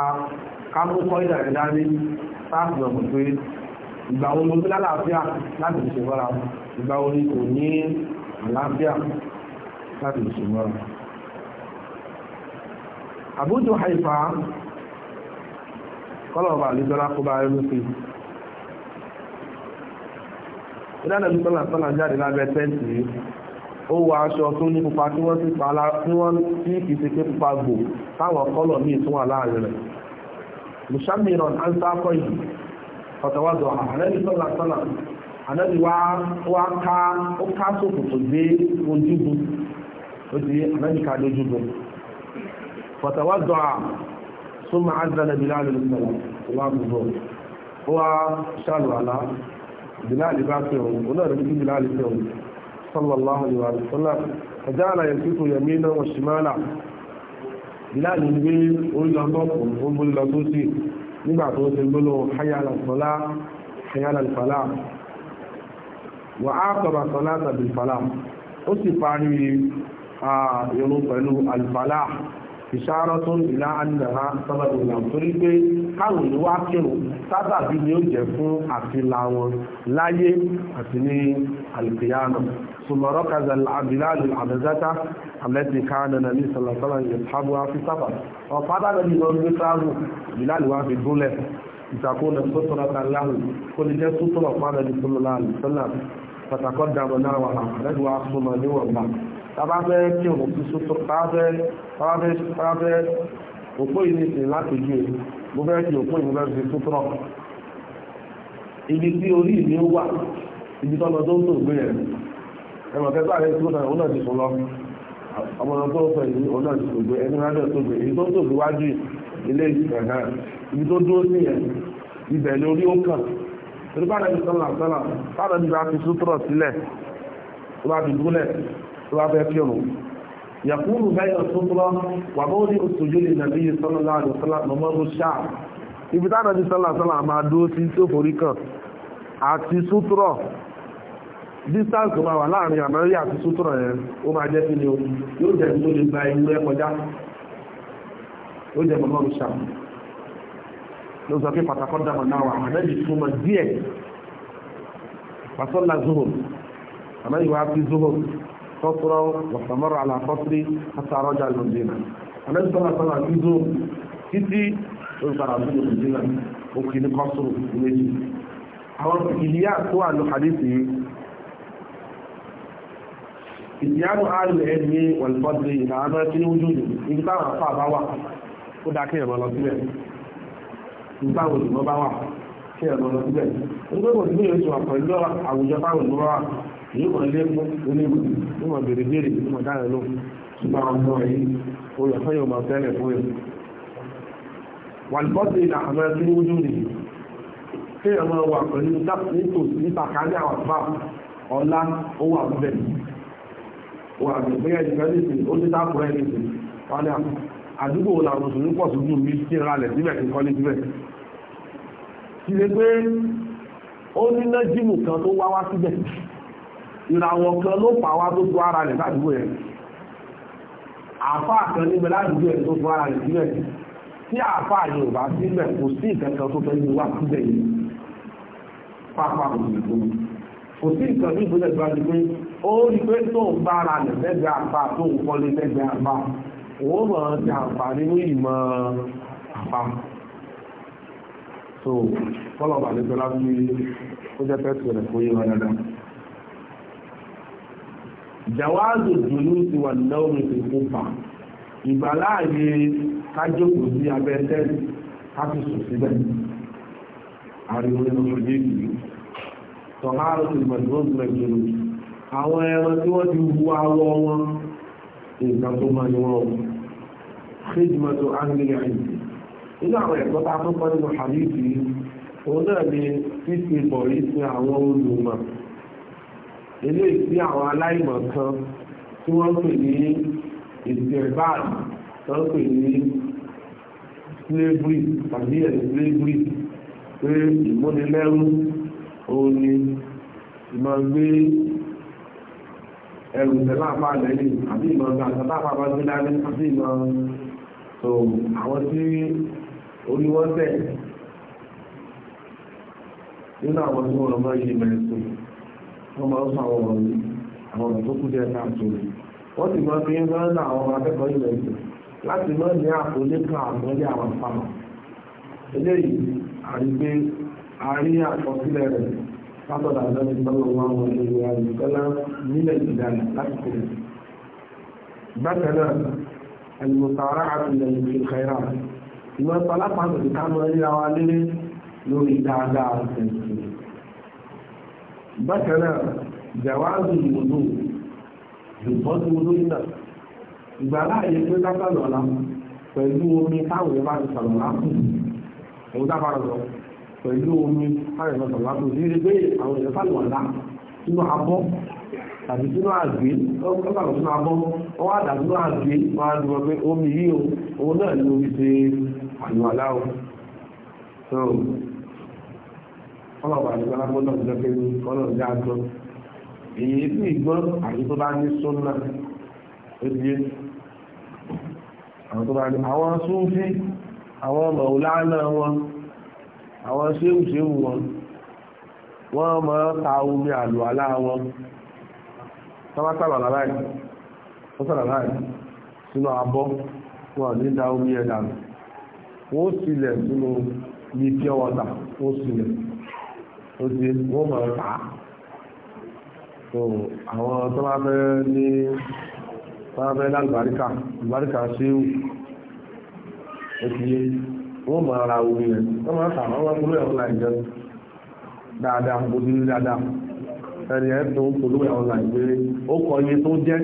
ká mú kọ́ ìdà rẹ̀ dání sáàfì ọ̀pọ̀ pé ìgbà wo ló fi lálàáfíà láti fi ṣèwọ́ra ìgbà wo ni kò ní àlàáfíà láti fi ṣèwọ́ra. Abu Juhaifa kọ́lọ̀ọ̀bà àlejọ́lá kó bá ẹrú sí ìdánàbí sọ́là sọ́là jáde lábẹ́ tẹ́ǹtì yìí ó wọ aṣọ tó ní pupa tí wọ́n ti pa tí wọ́n tí kì í ṣe pé pupa gbò táwọn kọ́lọ̀ míì tún wà láàrin rẹ̀ mùsàmìíràn ánsá kọ́ yìí ọ̀tọ̀wọ́dọ̀ àrẹ́bí sọ́là sọ́là àrẹ́bí wá wá ká ó ká sókòtò dé ojúbu ó ti àrẹ́bí ká lójúbu ọ̀tọ̀wọ́dọ̀ ثم عزل بلال للصلاة الله بالظهر هو شال على بلال باكرهم ولا رجل بلال فيهم صلى الله عليه وسلم فجعل يلتف يمينا وشمالا بلال يقول أريد أن أقوم أقول لصوصي نبع توسل بلو حي على الصلاة حي على الفلاح وعاقب صلاة بالفلاح أصفاني يقول آه الفلاح ìṣàárọ̀ tó ń ìlà àdìdàrà sábàbí ìlànà torí pé káwọn ìlú wá kírun sábàbí ni ó jẹ́ fún àfilà wọn láyé àti ní alìkìyànà sùmọ̀rọ̀ kaza àbíláàlù àbẹ̀zátá àmẹ́tì káàdà nàbí sàlàsàlà ìyẹ̀sáàbù àfi sábà ọ̀pádà nàbí lọ gbé sáàbù bíláàlù wá fi gúnlẹ̀ ìtàkùnà sọ́tọ̀rọ̀ kàláhù kó lè jẹ́ sọ́tọ̀rọ̀ pàdà sọ́lọ́lá tàbábẹ́ tí òun fi sótó tàbábẹ́ òpó yìí nìsín láti ju èyí mo fẹ́ kí òpó yìí lọ́dún fi sótó rọ̀ ibi tí orí ìní ó wà ibi tó lọ tó ń tó gbé yẹn ẹmọ kẹta rẹ tó náà òun náà ti sùn lọ ọmọ náà tó sọ ìlú òun náà ti sùn gbé ẹni náà tó gbé èyí tó ń tó gbé wájú ilé ìgbà náà ibi tó dúró sí yẹn ibẹ̀ ni orí ó kàn torí bá rẹ̀ sọ́nà sọ́nà bá rẹ̀ bá fi sútúrọ̀ sílẹ̀ tó bá fi dúlẹ̀ tó wá fẹ́ kírun yàkúrù bẹ́yà sọ́tọ́lọ́ wà mọ́ ní òṣòjú lè nàbí sọ́lọ́lá àdìsọ́lá mọ́mọ́rú sáà ibi táwọn àti sọ́lá sọ́lá máa dúró sí tó forí kan àti sútúrọ̀ distance máa wà láàrin àmọ́rí àti sútúrọ̀ yẹn ó máa jẹ́ sílé omi yóò jẹ́ tó lè gba ìlú ẹ kọjá ó jẹ́ mọ́mọ́rú sáà ló sọ pé pàtàkọ́ dàmọ̀ náà wà àmọ́rí túmọ̀ díẹ̀ pàtọ́lá zuhùn àmọ́rí wà á fi zuhùn قطرة واستمر على قطري حتى رجع المدينة أنا صلى الله عليه وسلم títí olùkàrà tó lè dínà òkè ní kọ́sùrù méjì àwọn ìdíyà tó wà ní hadith yìí ìdíyàwó àlù ẹni wàlúfọ́dé ìlànà tí ní wújúdù ibi táwọn afọ àbá wà ó dá kéèyàn lọ síbẹ̀ ibi táwọn olùmọ́ bá wà kéèyàn lọ síbẹ̀ nígbà tó ti ní oṣù àpẹẹlú àwùjọ táwọn olùmọ́ wà yóò mọ̀ lẹ́gbọ́n onígun yóò mọ̀ bèrè bèrè yóò mọ̀ dáhùn ló ṣùgbọ́n àwọn ọmọ yìí olùfẹ́ yóò mọ̀ fẹ́rẹ̀ fún yẹn. wàlúbọ́sì ìlà àmọ́ ẹgbẹ́ ní wújú rè ṣé ọmọ wa pẹ̀lú nítòsí nípa kárí àwọn àbá ọ̀la owó àbúbẹ̀ wà bẹ́ẹ̀ ìfẹ́ nìsín ó ti dákùrọ̀ ẹ̀ nìsín wọn ni àdúgbò làwọn mùsùlùmí pọ̀ sí ju mi kí n ralẹ̀ síbẹ̀ kí n kọ́lé síbẹ̀ kí lè pé ó ní nájímù kan tó wá wá síbẹ̀ ìràwọ̀ kan ló pàwá tó tó ara rẹ̀ ládùúgbò ẹ̀ àfáà kan níbẹ̀ ládùúgbò ẹ̀ tó tó ara rẹ̀ sílẹ̀ tí àfáà yìí ò bá síbẹ̀ kò sí ìkẹ́kẹ́ tó fẹ́ yìí wá síbẹ̀ yìí pápá òṣèlú tó kò sí ìkẹ́ ní ìpínlẹ̀ tó wájú pé ó rí pé tó ń bá ara rẹ̀ lẹ́gbẹ̀ẹ́ àpá tó ń kọ́lé lẹ́gbẹ̀ẹ́ àpá òun mọ̀ ọ́n ti àǹfààní ní ìmọ̀ àpá so kọ́lọ̀ bàlẹ́gbẹ̀lá fi ó jẹ́ fẹ́ sọ̀rọ̀ fún yín wọn dáadáa jàwáàzù dùnú ti wà lọ́wọ́ ti kó fà ìgbàláàyè kájókòó sí abẹ́ tẹ́lì káfí sùn síbẹ̀ ariwo ní ọjọ́ yìí tọ̀hárò ti mọ̀lúwọ́n ti mẹ́jọ́rò àwọn ẹran tí wọ́n ti hu awọ wọn nǹkan tó máa ní wọn ṣéjìmọ̀tò anglia ìdí nínú àwọn ẹ̀kọ́ tá a tó kọ́ nínú àbí ìdí òun náà ni fífi bọ̀ yìí sí àwọn olùmọ̀ eléyìí tí àwọn aláìmọ̀ kan tí wọ́n pè ní ìsìnkẹ́báàd tó ń pè ní slavery tàbí ẹ̀slavery pé ìmúnilẹ́rú òun ni ìmọ̀ gbé ẹrù tẹ̀lá àpá lẹ́yìn àbí ìmọ̀ ọ̀gá àtàtà àpá bá gbé dání àbí ìmọ̀ tó àwọn tí oníwọ́n tẹ̀ nínú àwọn tí wọ́n lọ mọ́ yìí mẹ́rin tó wọ́n máa ń sọ àwọn ọ̀rọ̀ yìí àwọn ọ̀rọ̀ tó kú jẹ́ káàtó wọ́n sì máa fi ń rán náà àwọn akẹ́kọ̀ọ́ ilẹ̀ ìlú láti máa ní àkọlé kan àkọlé àwọn àpamọ́ eléyìí àrígbé àrí àkọsílẹ̀ rẹ̀ látọ̀dà lọ́dún wọn àwọn èrò àyùkọ́lá nílẹ̀ ìdílé láti kúrò bákan náà àti ìlẹ̀yìn ìkẹrà ìmọ̀ ìpàlápàá tòkítà mọ́ ríra wa lórí dáadáa ẹ̀sìn bákanáà jàwáàzù ìwòdó ìbọ́sí wòdó nígbà ìgbà láàyè pé lásàlọ́lá pẹ̀lú omi táwọn ìbá ìsàlọ́lá kù òun dábàrà lọ pẹ̀lú omi táwọn ìbá ìsàlọ́lá kù sí ilé pé àwọn ìsàlọ́lá sínú abọ́ tàbí sínú àgbé ọgbàgbà sínú abọ́ ọwọ́ àdá sínú ọlọ́pàá àti ọlọ́pàá náà jọ pé ọlọ́run já gbọ́ èyí tí ìgbọ́ àti tó bá ní súnmọ́ ó di àwọn tó bá ní àwọn súnfí àwọn mọ̀ọ́lánà wọn àwọn séwùséwù wọn wọ́n máa ta omi àlò àlá wọn tọ́wọ́ sábà láì ó sábà láì sínú abọ́ wọn ní da omi ẹ̀dà wọ́n sílẹ̀ sínú ní pure water wọ́n sílẹ̀ ó ti wọ́n mọ̀ ọ́ tà á so àwọn tó bá fẹ́ ní tó bá fẹ́ lálùbáríkà lùbáríkà ṣéwù ó wọ́n mọ̀ ara omi rẹ̀ wọ́n mọ̀ tà wọ́n mọ̀ kúrò ẹ̀ online jẹ́ dáadáa bó ti rí dáadáa ẹni ẹ̀ tó ń polówó ẹ̀ online pé ó kọ iye tó jẹ́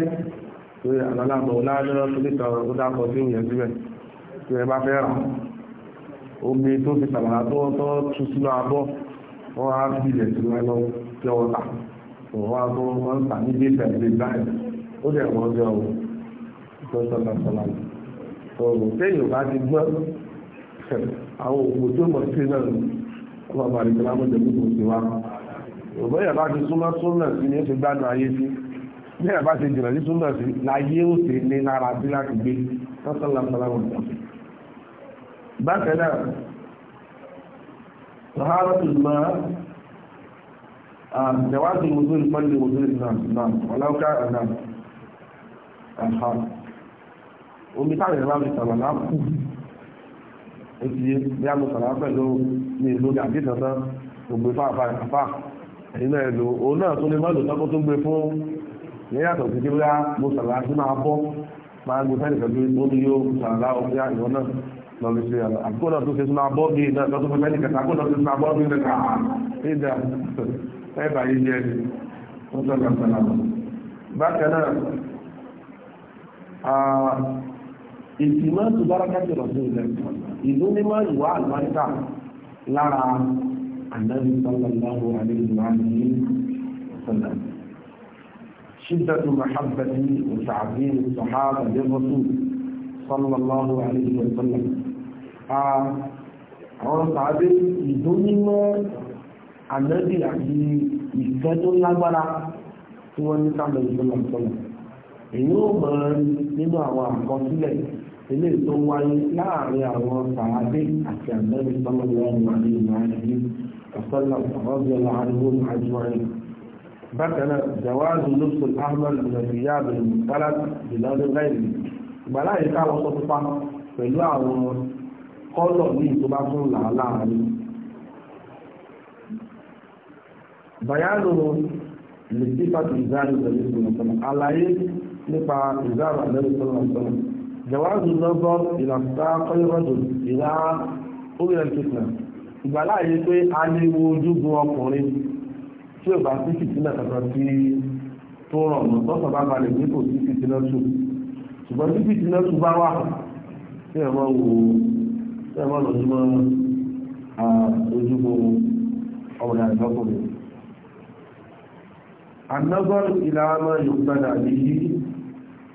pé àlọ́lábọ̀ láàárọ̀ tó lè kan ó dákọ̀ sí ìyẹn síbẹ̀ tí ẹ bá fẹ́ rà omi tó fi tu wọ́n á bí ilẹ̀ tí wọ́n lọ tí wọ́n tà wọ́n á tó wọ́n tà ní bí ìfẹ́ ìgbé báyìí ó dẹ̀ wọ́n jọ o tó sọ́nà sọ́nà yìí tó o téèyàn bá ti gbọ́ àwọn òkú tó mọ̀ sí náà wọ́n bá bàrí kílámù jẹ́ kókò sí wa òbẹ́ yẹn bá ti súnmọ́ súnmọ́ sí ni ó ti gbádùn ayé sí bí yẹn bá ti jìnnà sí súnmọ́ sí láyé ó sì ní lára sí láti gbé tó sọ́nà sọ́nà wọn. bákan náà طهارة الماء جواز الوضوء قبل وضوء الناس نعم ولو كان نعم الحال omi táwọn ìrìnlá mi sọ̀rọ̀ náà kù ó ti yé bí a mọ̀ sọ̀rọ̀ pẹ̀lú ní ìlú ní àdé dandan gbogbo ifá àfa àfa nínú ẹ̀lò òun náà tó lè mọ́ ìlòtọ́ kó tó gbé fún ní yàtọ̀ sí kíkúrá mo sọ̀rọ̀ àti máa bọ́ máa gbé fẹ́ẹ̀lì pẹ̀lú omi yóò sọ̀rọ̀ láwọn bí ìwọ náà lọ́bí sí àlọ́ àkódà tó fi sínú abọ́bí lọ́tọ́ fẹ́ ní kẹta àkódà tó fi sínú abọ́bí rẹ̀ kàá ìdá ẹ̀bà yìí jẹ́ ni ó sọ́gbà sọ́nà lọ. bákan náà ìtìmọ́ tó bára kájọ lọ sí ilẹ̀ ìlú ní máa ìwà àlùbáríkà lára ànábi sallallahu alaihi wa alihi sallam شدة محبتي وتعظيم الصحابة للرسول صلى الله عليه وسلم àwọn sàábé ìdónímọ̀ ànábì àti ìfẹ́ tó lágbára tí wọ́n ní sáàmì ìsọ́lọ̀sọ́lọ̀ èyí ó mọ̀ nínú àwọn àkọsílẹ̀ ilé tó wáyé láàrin àwọn sàábé àti ànábì sọ́lọ̀lọ́rùn àti ìmọ̀-àdìyí ọ̀sọ́lọ̀ ọ̀gbẹ̀lá àdúgbò àjùmọ̀rin bákan náà jawaazu lóṣù ahmed nàìjíríà bẹ̀rẹ̀ mùsálà jùlọ ní ìgbàláyé káwọn sọ pẹ̀lú àwọn kọ́lọ̀ ní ìtọ́bá fún làálàá ní bayanu lè sí pàtó ìzáàrù pẹ̀lú ìgbìmọ̀sán àlàyé nípa ìzáàrù àlẹ́rù sọ́lọ́sọ́lọ́ jẹ̀wáàzù lọ́gbọ́ ìlànà kọ́yọ́rọ́dù ìlà orílẹ̀ tìtìnà ìgbàláyé pé a lè wo ojúgun ọkùnrin tí ò bá sí fìtínà kankan tí tó rọ̀ mọ́ tọ́sọ̀ bá balẹ̀ ní kò sí fìtínà tù ṣùgbọ́n tí fìtínà tù bá wà tí ẹ̀rọ wò ó tẹ́wọ́n lọ sí mọ́ ojúgbò ọmọdé àjọkùnrin النظر إلى ما يقتدى به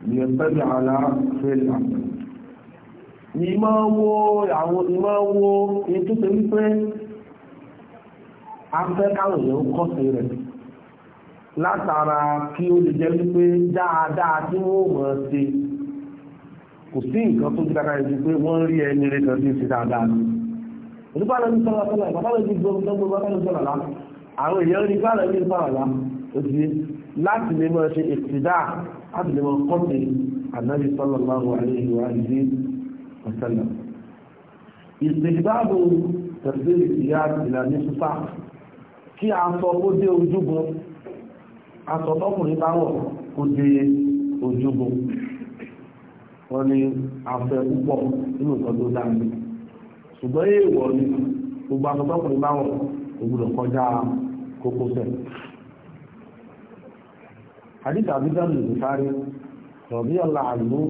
ليتبع على فعل العمل ìmọ̀ wo àwọn ìmọ̀ wo ètò tó ń pẹ́ afẹ́ káwọn èèyàn kọ́ rẹ̀ látara kí ó lè jẹ́ wípé dáadáa tí wọ́n mọ̀ sí kò sí nǹkan tó gbára ẹni pé wọ́n rí ẹni rẹ̀ kan sí dáadáa ní onípa lọ ní sọ́rọ̀ sọ́rọ̀ ìpàtà lọ sí gbogbo bàtà lọ sọ́rọ̀ lá àwọn èèyàn rí bá lọ ní sọ́rọ̀ lá ó ti láti lè mọ́ ṣe ìtìdá láti lè mọ́ kọ́pì ànábi sọ́rọ̀ láwọ̀ àríwá ìdí ọ̀sẹ̀lẹ̀ ìsìndáàbò tẹ̀sí ìyá ìlànà sísá kí a sọ kó dé ojúgun aṣọ tọkùnrin bá wọ̀ kó dé ojúgun wọ́n ní afẹ́ púpọ̀ nínú nǹkan tó dáa ní ṣùgbọ́n èèwọ̀ ni gbogbo akọ́tọ́kùnrin bá wọ̀ ògbúdọ̀ kọjá kókósẹ̀. hadith abidjan lè sáré rọ̀bí ọ̀la àlùmọ́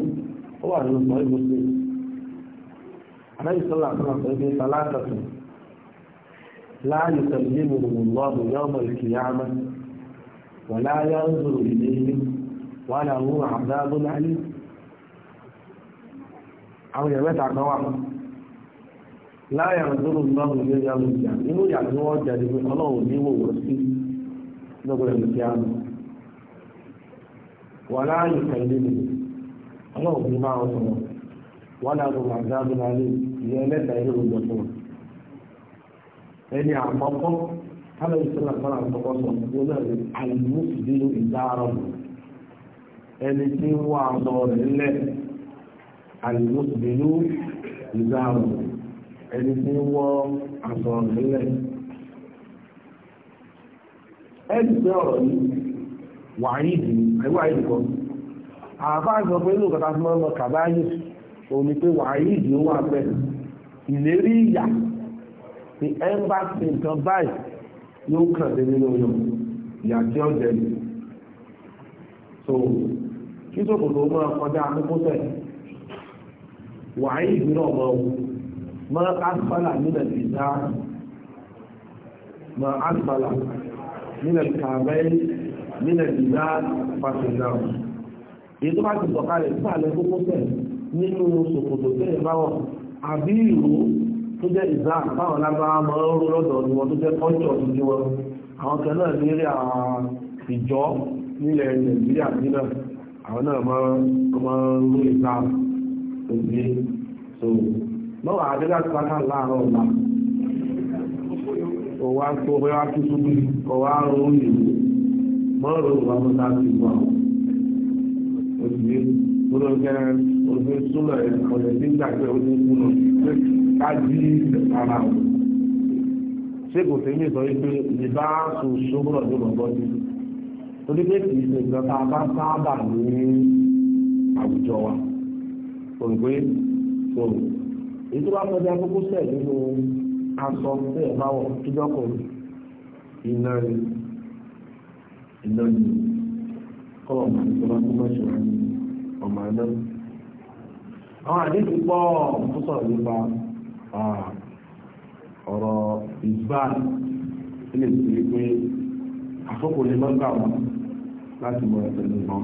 ó wà nínú sọ sí àtúnà sọ ibi láàyè ìkìyàmẹ́ wọ̀láyà ń zòrò àwọn èèyàn mẹ́ta kan wà láyà lọ́dún náà lè ya ló jà inú ìyá tí wọ́n jáde pé ọlọ́run ní wò sí lọ́gbọ̀n ẹ̀mí tí a wà láàyè mi ọlọ́run ní máa sọ wọn ilé wọn. ẹni àkọ́kọ́ àkọ́kọ́ sọ wọn náà ìdárọ̀ ẹni tí wọ́n rẹ̀ lẹ́ẹ̀ àlùmọ́sùnbínú ìzáàrùn ẹni tí ń wọ́ aṣọ nílẹ̀. ẹni pé ọ̀rọ̀ yìí wàáyì dì ní ẹwà yìí kọ́ àáfáà sọ pé inú kàtà fún ọmọ kàbáyé òun ni pé wàáyì dì ó wà bẹ́ẹ̀ ìlérí ìyà ni ẹ ń bá ti nǹkan báyìí yóò kàn dé nínú yàn ìyà tí ó jẹ so kí sòkòtò máa kọjá akókó sẹ́yìn wàá ìlú náà mọ ohun mọ asfala nínú ìdá mọ asfala nínú ìkàbẹ́ nínú ìdá pàṣẹdá èyí tó bá ti sọ̀kalẹ̀ sísàlẹ̀ kókó tẹ̀ nínú ṣòkòtò tẹ̀ báwọ̀ àbí ìró tó jẹ́ ìzá àpáwọn lágbára mọ́ ń rú lọ́dọ̀ ní wọn tó jẹ́ kọ́ńtọ̀ ní wọn àwọn kan náà ní rí ìjọ nílẹ̀ nàìjíríà nílẹ̀ àwọn náà mọ́ rú ìzá tó so lọ́wọ́ àdúrà tí wọ́n kàn láàárọ̀ ọ̀la tó wẹ́ wá tó súnmí kò wá òyìn mọ́rọ̀ wà mọ́ tá a ti wà ó òsì gbọ́dọ̀ jẹ́ òfin súnmọ̀ ẹ̀ ọ̀lẹ̀ nígbà pé ó ní kùnà pé ká ara ò ṣé kò sí nìsọ wípé ìbá sùn ṣókùnà tó lọ bọ́ sí torí pé kì í ṣe nǹkan bá sábà ní àwùjọ wa òǹgbé tó èyí tó bá kọjá kókó sẹ̀ nínú aṣọ tẹ̀ báwọ̀ kíjọ́kọ̀ iná ni iná ni kọ́lọ̀ máa ń sọ́ra tó máa ṣe ọmọ iná. àwọn àdéhùn pọ̀ tó sọ̀rọ̀ nípa ọ̀rọ̀ ìgbà ilé ìsinmi pé àkókò lè mọ́gbà wọn láti mọ ẹ̀sẹ̀ nìkan.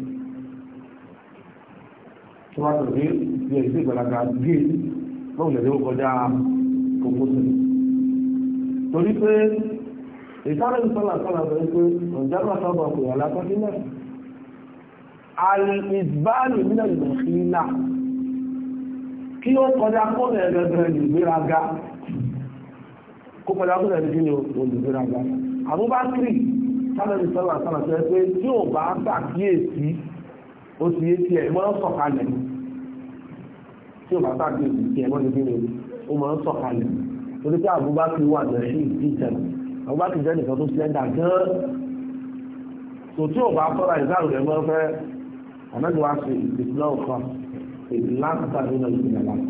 tó bá tọ̀lé bí ẹ̀ sí ìgbàlagbà gé lọ́wọ́ lẹ́yìn kọjá kókó sí i. torí pé ìsáré ìsọ́là sọ́là sọ pé ọ̀jọ́gbà sọ́bà kò yà látọ́ sílẹ̀. àlè ìsbáàlì nílẹ̀ ìgbà kí ó kọjá kọ́lẹ̀ ẹgbẹ̀rẹ̀ ìgbéraga kó kọjá kọ́lẹ̀ ẹgbẹ̀rẹ̀ ní olùgbéraga àbúbá kiri sálẹ̀ ìsọ́là sọ́là sọ pé tí ò bá gbà kíyèsí ó ti yé tí ẹ máa ń sọ̀kalẹ̀ tí ò bá tàbí ìlú tí ẹ mọ́ níbi ó máa ń sọ̀kalẹ̀ torí pé Abubakar wà lọ sí ìdí ìtẹ̀lẹ̀ Abubakar jẹ́ nìkan tó slender gan-an tó tí ò bá sọ́ra ìzáàrù rẹ̀ mọ́ fẹ́ àmẹ́jọ wá sí ìdílé ọ̀kan èdè láńkà nínú ìgbìyànjú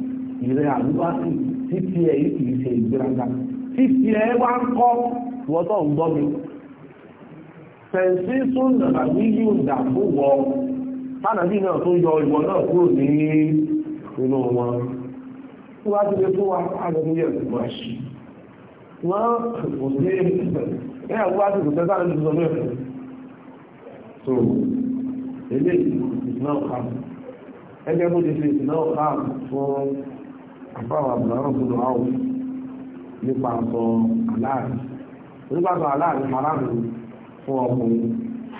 ìrẹ́ Abubakar títí ẹ̀ yìí kì ṣe ìgbéraga títí ẹ̀ wá ń kọ́ wọ́tọ̀ ń gbọ́ mi fẹ̀sí sún tánàbí náà tó yọ ìwọ náà kúrò ní inú wọn tí wá ti lè fún wa àgbẹ̀mú yẹ̀ tó máa ṣí wọ́n kò sí ẹ̀yà wá sí kò tẹ́sà lójú sọ mẹ́fẹ́ so ilé ìsìnà ọ̀kan ẹgbẹ́ bó ti fi ìsìnà ọ̀kan fún àfáwà àbùdáwọ̀ gbọdọ̀ áwọ̀ nípa àtọ̀ aláàrí nípa àtọ̀ aláàrí fún ọkùnrin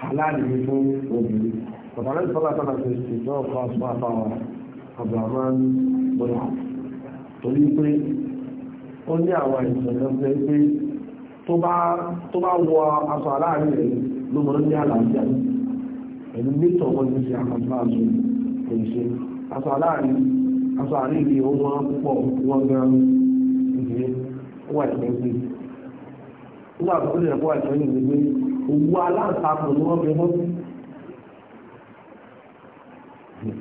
aláàrí fún obìnrin فقال النبي صلى الله عليه وسلم في استجواب خاص مع عبد الرحمن بن عوف torí pé ó ní àwọn ìṣẹ̀lẹ̀ pé tó bá wọ aṣọ aláàrin rẹ̀ ló mọ̀ ní àlàáfíà ẹ̀lú mítọ̀ wọn ní ṣe àkàtúnṣe kò ṣe aṣọ aláàrin aṣọ àárín ilé ó mọ́ púpọ̀ wọ́n gan ìdílé ó wà ìpẹ́ pé nígbà tó lè kó àìsàn yìí pé owó aláǹtakùn ni wọ́n fi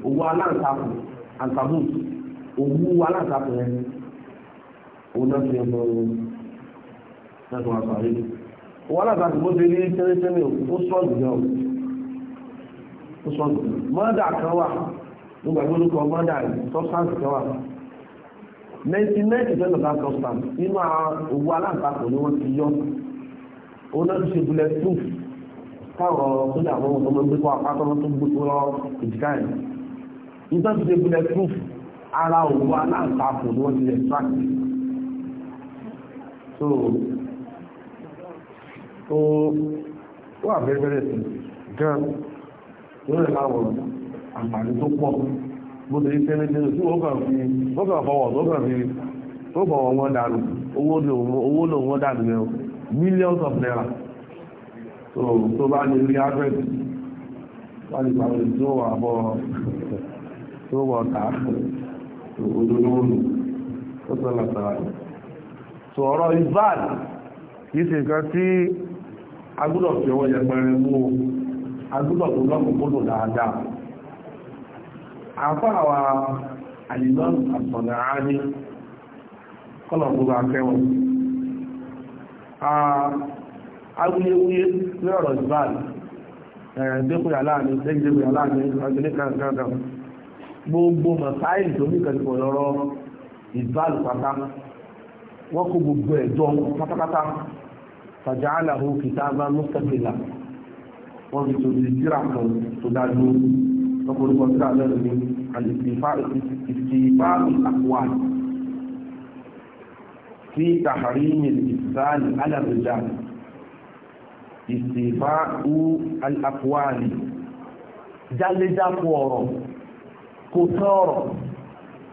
owó aláǹtakùn antabut owó aláǹtakùn ẹni owó náà fi ẹmọ náà tó wà sọ àrídì owó aláǹtakùn bó ṣe ní tẹ́lẹ̀tẹ́lẹ̀ ó sọ́ọ̀dù jọ ó sọ́ọ̀dù mọ́dà kan wà nígbà tó lókọ mọ́dà substance kan wà ninety nine percent of that substance nínú owó aláǹtakùn ni wọ́n ti yọ owó náà ti ṣe bulletproof táwọn sójà àwọn ọmọ ọmọ gbẹ́kọ̀ apátọ́ tó gbogbo lọ ìdíkàyìn nígbà tó ṣe bullet proof ara òwú aláǹtakò ni wọ́n ti lè track so ó wà bẹ́ẹ̀bẹ́rẹ̀ sí gan lórí láwọn àǹfààní tó pọ̀ bó ti rí tẹ́lẹ̀ tẹ́lẹ̀ tí wọ́n kàn fi wọ́n kàn fọwọ́ tó kàn fi tó fọwọ́ wọn dànù owó lòun wọn dànù yẹn millions of naira tó bá ní rí ágbẹ̀bì wọ́n ni pàwọn tó wà bọ́ tó wọ̀ tààfù tó olóòrùn tó tọ́lá tààrà tó ọ̀rọ̀ ìbáàdì kìí ṣe nǹkan tí agbúdọ̀ fi ọwọ́ yẹpẹrẹ mú o agbúdọ̀ tó lọ́kùnkúndùn dáadáa àfáàwà àyìnbọn àtọ̀nà àárí kọ́lọ̀ gbogbo akẹ́wọ̀n awuyewuye ní ọ̀rọ̀ ìbáàlì ẹ̀ẹ́dẹ́kùnrin aláàánú ẹ̀ẹ́dẹ́kùnrin aláàánú ọ̀gbìnrin kankan gbogbo mọ̀sáìlì tó ní kẹ̀lẹ́kọ̀ lọ́rọ̀ ìbáàlì pátá wọ́n kó gbogbo ẹ̀jọ́ pátápátá fàjáàlàhù kìtàbà mustaqilla wọ́n fi tòbi síra kan tó dájú ọkùnrin kan síra lẹ́nu ní ìsìnbá u al-akwali jáléjáko ọ̀rọ̀ kò tọ́ọ̀rọ̀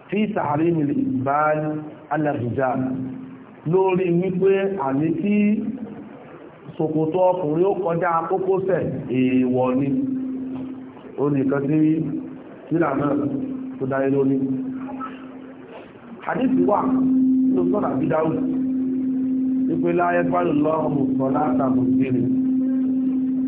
fi sàárín ìbáni alàrùjá lórí wípé àmì tí ṣòkòtò ọkùnrin ó kọjá kókósẹ̀ èèwọ̀ ni ó nìkan tí sílà náà tó dáyé lóní hadith wà ló sọ́nà bí wípé láyé bá lọ́wọ́ mùsọ̀lá àtàbùsírin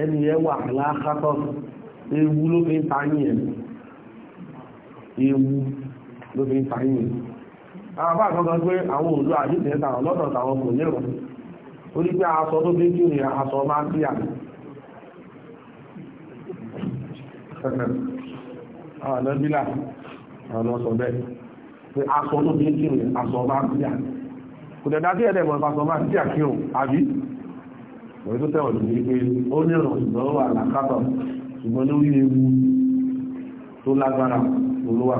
ẹni yẹ láàkátọ́ ewu ló fi ń tayín ẹ̀ ewu ló fi ń tayín ẹ̀ àwọn bá pé àwọn òlú àdìsí ẹ̀ta tó fi ń kí ni aṣọ máa ń tíyà (laughs) kò dẹ̀dá tí ẹ̀dẹ̀ mọ̀ ìfàṣọ máa ń tíyà kí o àbí wọ́n tó tẹ̀wọ̀n ní pé ó ní ọ̀nà ṣùgbọ́n wà lákàtọ̀ ṣùgbọ́n lórí ewu tó lágbára olówà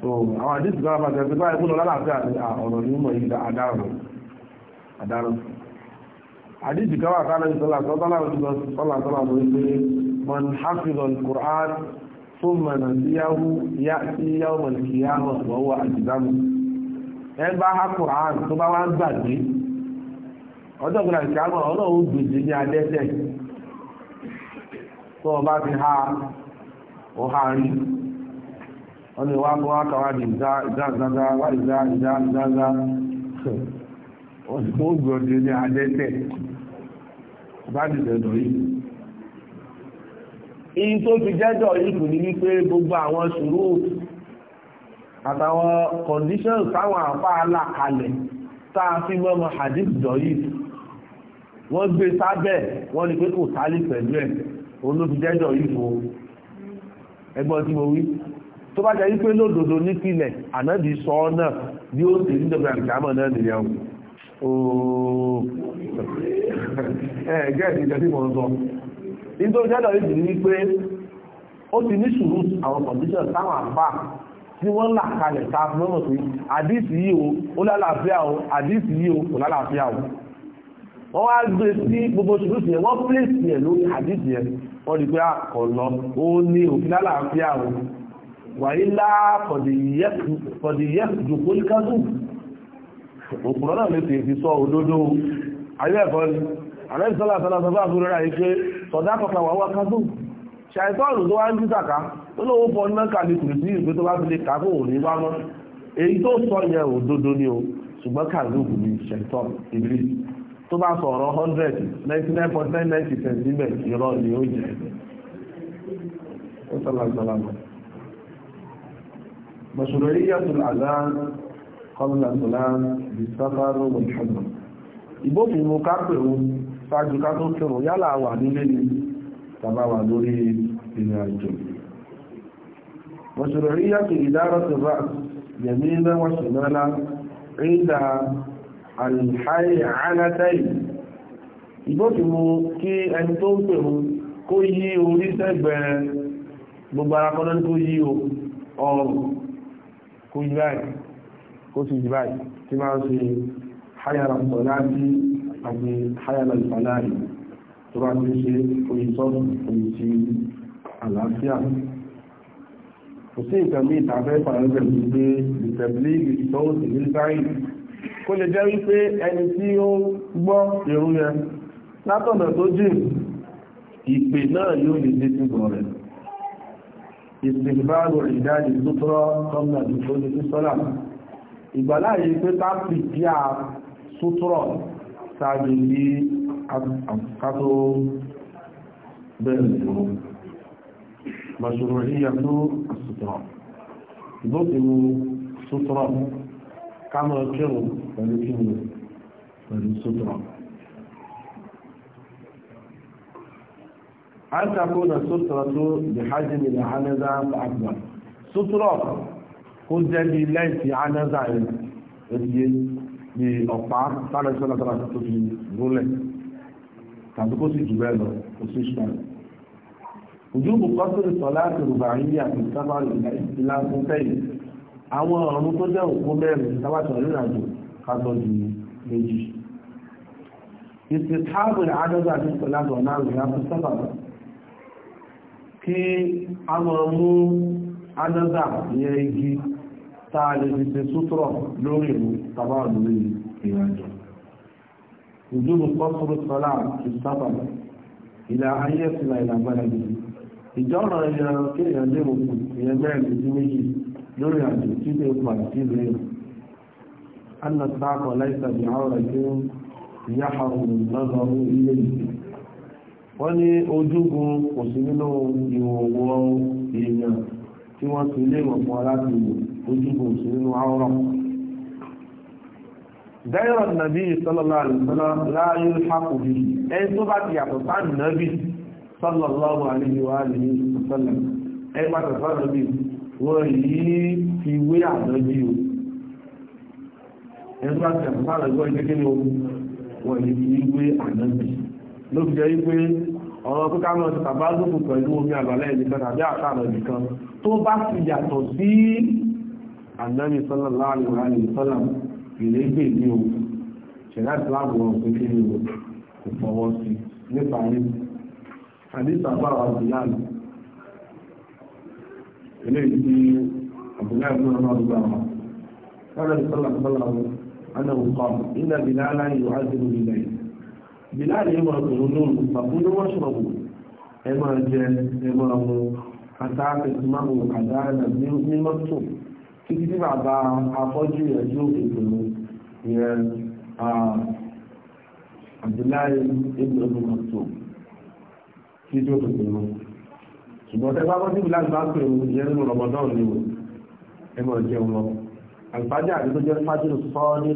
so àwọn àdíṣù kan bá tẹ̀sí báyìí fún ọlọ́láfẹ́ ọ̀rọ̀ ní mọ̀ yìí àdáràn àdáràn àdíṣù kan wà kálẹ̀ ìṣọ́lá sọ́tọ́lá òṣìṣọ́ sọ́lá sọ́lá lórí pé man ha Qur'an tó bá wá ń gbàgbé ọjọ́ ìgbà ìkàmọ̀ ọlọ́run gbèjì ní adẹ́sẹ̀ tó ọba ti ha ọha rí ọdún ìwà mọ́ àkàwà ní ìzáàzáza wà ìzáàzáza ọdún ní adẹ́sẹ̀ ọba ti dẹ̀dọ̀ yìí in tó fi jẹ́dọ̀ ní wípé gbogbo àwọn sùúrù àtàwọn conditions táwọn àfáà là kalẹ̀ fi hadith dọ̀ yìí wọ́n gbé sábẹ́ wọ́n ní pé kò sálì pẹ̀lú ẹ̀ olóbìjẹ́jọ ìfò ẹgbọ́n tí mo wí tó bá jẹ́ wípé lódodo nípìnlẹ̀ ànábì sọ ọ́ náà bí ó sì níjọba ìjàmọ̀ náà nìyẹn ooo (laughs) ẹ̀ẹ́gẹ́ẹ̀dì ìjẹ́ tí mo ń sọ nítorí jẹ́dọ̀ yìí ní wípé ó ti ní sùúrù àwọn condition táwọn àpá tí wọ́n là kalẹ̀ ta fún ọmọ pé àdìsí yìí o ó lálàáfíà o àdìsí yìí o kò lálàáfíà o wọ́n wá gbé sí gbogbo ṣùgbùsì yẹn wọ́n pèsè yẹn lórí àdìsì yẹn wọ́n rí pé àkọlọ ah, ó ní òfin lálàáfíà o wàyí lá kọ̀dìyẹ́kù jòkó ní kásù òkùnrọ̀ náà lè fi sọ òdodo ayẹ́ẹ̀kọ́ ni àrẹ́bí sọ́lá sọ́lá sọ́lá fún rẹ̀ pé sọ̀dá kọ̀kà wà wá kásù ṣàìtọ́ọ̀nù tó wá ń dísàká olówó pọ̀ ní mẹ́ka ní kùrìsì ìgbé tó bá fi lè kàkó òní wá mọ́ èyí tó sọ ni o ṣùgbọ́n kàlùkù ni ṣàìtọ́ọ̀nù ìbílí tó bá sọ̀rọ̀ 100 99.9% níbẹ̀ ìrọ̀ ni ó jẹ́ ó sọ́lọ́sọ́lọ́mọ́ mú ká pèrò ṣáájú ká tó kírùn yálà wà nílé ni tàbá wà lórí ìrìn àjò مشروعية إدارة الرأس يمينا وشمالا عند alhaianatai ìgbótùmù kí ẹni tó ń pèrú kó yí orí sẹ́gbẹ̀ẹ́ gbogbo ara kọ́nà tó yí ọrùn kó yí báyìí kó sì yí báyìí tí máa ń ṣe hayara sọ̀láàtì àti hayara ìfàláàrí tó bá ti ṣe oyìsọ́nù oyìsí àlàáfíà kó lè jẹ́ wípé ẹni tí ó gbọ́ ìrun yẹn látọ̀nà tó jìn ìpè náà yóò lè dé sí gbọ́ rẹ̀ ìsìnbáàrò ìdájì tó tọ́rọ tọ́nà tó ní sí sọ́là ìgbàláyé pé ká pì a sútúrọ̀ sáájú ní àkàtò bẹ́ẹ̀ ìṣòro kámọ̀ kírùn pẹ̀lú kírùn pẹ̀lú sótọ̀. a ń takó na sótọ̀ tó bí hajji ni da hanaza àgbà sótọ̀ kó jẹ́ bí lẹ́ẹ̀tì hanaza ẹ̀yẹ ni ọ̀pá tàbí sọ́lọ́tàrà tó fi rúlẹ̀ tàbí kó sì jù bẹ́ẹ̀ lọ kó sì ṣàlẹ̀ وجوب قصر الصلاة الرباعية في السفر إلى اختلاف فيه àwọn ọ̀run tó jẹ́ òpó mẹ́rin tábàtì ọ̀rìn àjò kásọ̀ ju méjì ìsìtáàbù àádọ́gbà àti ìpẹ̀lágbà náà rẹ̀ àti sábàbà kí a máa mú àádọ́gbà yẹ igi táa lè fi ṣe sútúrọ̀ lórí ìlú tàbá lórí ìrìnàjò ìjọba kọ́sùrù sọ́lá ti sábàbà ìlà ayé sílà ìlàgbàlagbè ìjọ́ràn ẹ̀yàn lórí àjò tí ó pa sí rẹ̀ annasakọ̀ láìsà bí àwọ̀rẹ̀ tí ó yá àrùn lọ́lọ́rún ilé ìsìn wọ́n ní ojúgun kò sí nínú ìwòwò èèyàn tí wọ́n ti lé ìwọ̀pọ̀ láti wò ojúgun sí nínú àwọ̀rọ̀ dáyọ̀ nàbí sallallahu alaihi wasallam láàyè hápù bí ẹni tó sallallahu alaihi wasallam ẹni bá tẹ̀sán wọ́n yìí fi wé ànábì o ẹni bá tẹ̀kọ́ sára ìgbọ́ ilé kéde o wọ́n yìí fi wé ànábì ló fi jẹ́ wípé ọ̀rọ̀ pé ká mọ̀ sí tàbá lókùn pẹ̀lú omi àbálẹ̀ nìkan tàbí àtàrà nìkan tó bá ti yàtọ̀ sí ànábì sallallahu alaihi wasallam ìlégbè eléyìí tí abdullahi bin umar gbà wá kọ́lá ní sọ́lá sọ́lá wọn ana wùkọ́ iná bilala yóò á dúró nílẹ̀ yìí bilala yìí máa tòun lóru fàkúndé wọ́n ṣọ̀bù ẹ máa jẹ ẹ máa tí máa tó títí ṣùgbọ́n tẹ́ bá wọ́n sí ìlànà bá pè ó jẹ́ nínú rọmọdán ni ó ẹmọ jẹun lọ àlùfájà àti tó jẹ́ fájìlì sọ́ọ́dí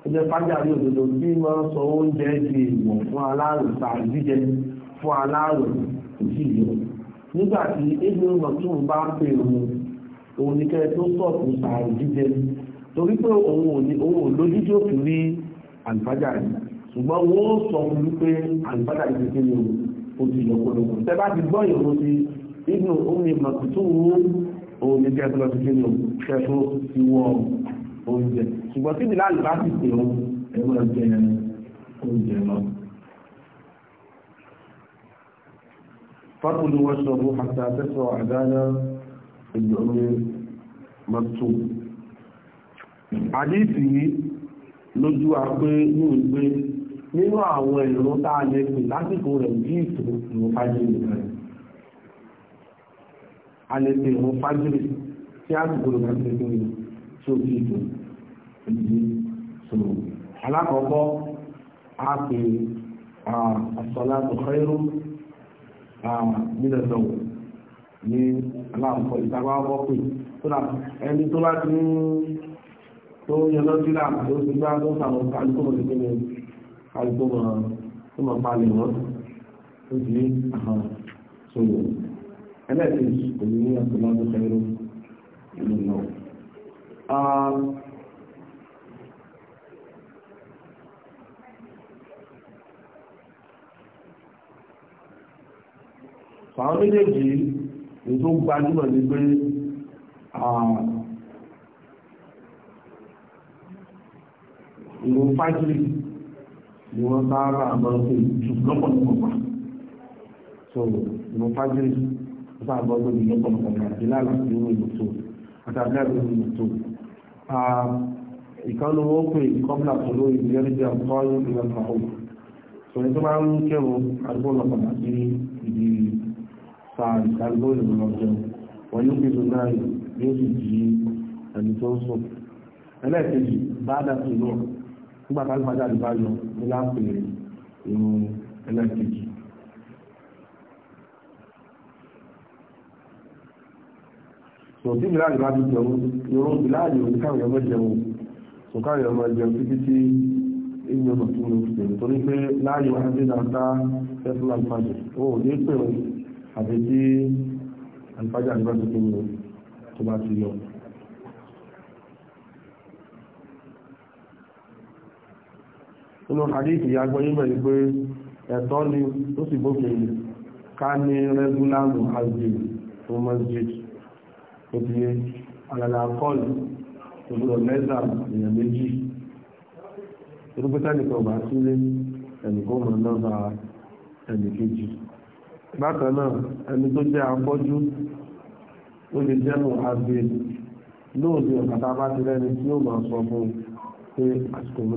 tó jẹ́ fájà ní òdodo bí wọ́n sọ oúnjẹ di ìwọ̀n fún aláàrùn tàbí jíjẹ fún aláàrùn òjì yìí nígbà tí ebi ọmọ tó ń bá pè ó òun ní kẹ́ tó sọ̀tún sàrùn jíjẹ torí pé òun ò lójújú òkú rí àlùfájà rẹ̀ ṣùgbọ́n wọ́n sọ fún wípé àlùfájà rẹ̀ ti kéde òun oṣù yọkọlọgbọ tẹ́ bá ti gbọ́ ìrò sí inú omi màtútù omi kẹtùlọ ti kíni kẹtù ti wọ oúnjẹ ṣùgbọ́n tí ìdílé àlùbá ti pè ó ẹ̀rọ jẹ oúnjẹ lọ. fákùlù wọn ṣọ̀bù àti àtẹ́sọ̀ àdáyà ìgbọ̀nmi màtútù. àdéhìí lójú àpé ní ìgbé nínú àwọn ìlú tá a lè pè lásìkò rẹ̀ bí ìṣòro ìwọ̀n fájìrì rẹ̀ a lè pè ìwọ̀n fájìrì tí àsìkò rẹ̀ máa ń tẹ́kọ̀ rẹ̀ tí ó kí ìtò ìdí sọ̀rọ̀ alákọ̀ọ́kọ́ a pè àṣọlá tó xẹ́rù nílẹ̀ náà ní aláàkọ́ ìtagbá pè tó dà ẹni tó bá tó yẹ lọ́sílà tó ti gbá tó sàmọ̀ kálukú mọ̀ kálùkù tó mọ̀ palẹ̀ wọ́n ó di àwọn sọ̀rọ̀ ẹlẹ́ẹ̀kejì kò ní àtọ́lájú sẹ́rọ ìlú náà. àwọn méjèèjì ètò gbajúmọ̀ ní pé ìrùn fájìlì ni wọ́n sáábà máa ń pè jù lọ́pọ̀lọpọ̀ so ìmọ̀ fájírì ó sáábà gbọ́dọ̀ ní lọ́pọ̀lọpọ̀ àti láàrín ìwé ìmọ̀tò àtàkà ìwé ìmọ̀tò ìkànnì wọn pè kọ́bùlà tó lórí ìjẹ́rìjẹ́ ọ̀kọ́ ìlú ọ̀kọ́ sọ̀rọ̀ tó máa ń kẹrùn àdúgbò lọ́pọ̀lọpọ̀ sí ìdí sáà ìkàlùbọ̀ ìlú ọ̀jọ́ wọn yóò fi sùn náà yóò sì jí ẹni tó ń sùn ẹlẹ́ẹ̀kejì bá dà sí náà nígbà tá alùpàdé àdìbá yọ ní láǹpẹ̀ ìrun ẹlẹ́ẹ̀kejì. sòtí mi láàyè bá ti jẹun yòrò mi láàyè òní káwọn èèyàn mẹ́jẹ o sò káwọn èèyàn mẹ́jẹ o títí tí èmi ọ̀nà tí mo fi torí pé láàyè wá sí dáńtá fẹ́fún alùpàdé o ní pè àti tí alùpàdé àdìbá tó mi o tó bá ti yọ. inú hadithi ya gbọ́ yíbẹ̀ yí pé ẹ̀tọ́ ni ó sì bókèrè ká ní regular muhajjid tó masjid ó ti yé alàlà kọ́ọ̀lù ìgbọ́dọ̀ mẹ́ta èèyàn méjì irúgbẹ́ta nìkan bá sílé ẹnìkan mọ̀ náà bá ẹnì kejì bákan náà ẹni tó jẹ́ afọ́jú ó lè jẹ́ muhajjid lóòdì ọ̀kadà bá ti rẹ́ni tí ó máa sọ fún un pé àsìkò mo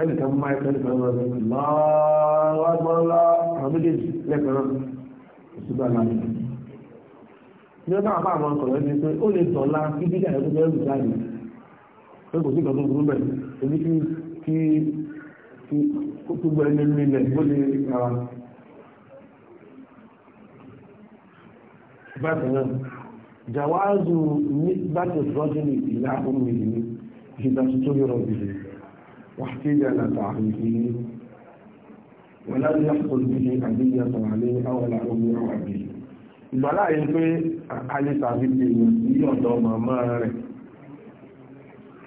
ẹnìkan mú máa tẹ́lẹ̀ kan lọ́dún lọ́wọ́gbọ́nlá àwọn méjèèjì lẹ́kọ̀ọ́ ìṣúgbà láti ní ọjọ́ àbá àwọn ọkọ̀rọ̀ ẹni pé ó lè dọ̀la kí bídà ẹ̀kọ́ bẹ́ẹ̀ rù jáde pé kò sí ìkan tó burú bẹ̀ èmi kí kí kí kó tó gbẹ ẹni nílẹ̀ ó lè rárá. bákan náà jàwáàzù bá tẹ̀síwájú ní ìlà omi ìlú ìṣèdásí tó yọrọ ìlú واحتجال تعريفه ولم يحصل به أذية عليه أو على أمه أو أبيه ìgbàlá yìí pé ayé tàbí lè yàn sí ọ̀dọ̀ màmá rẹ̀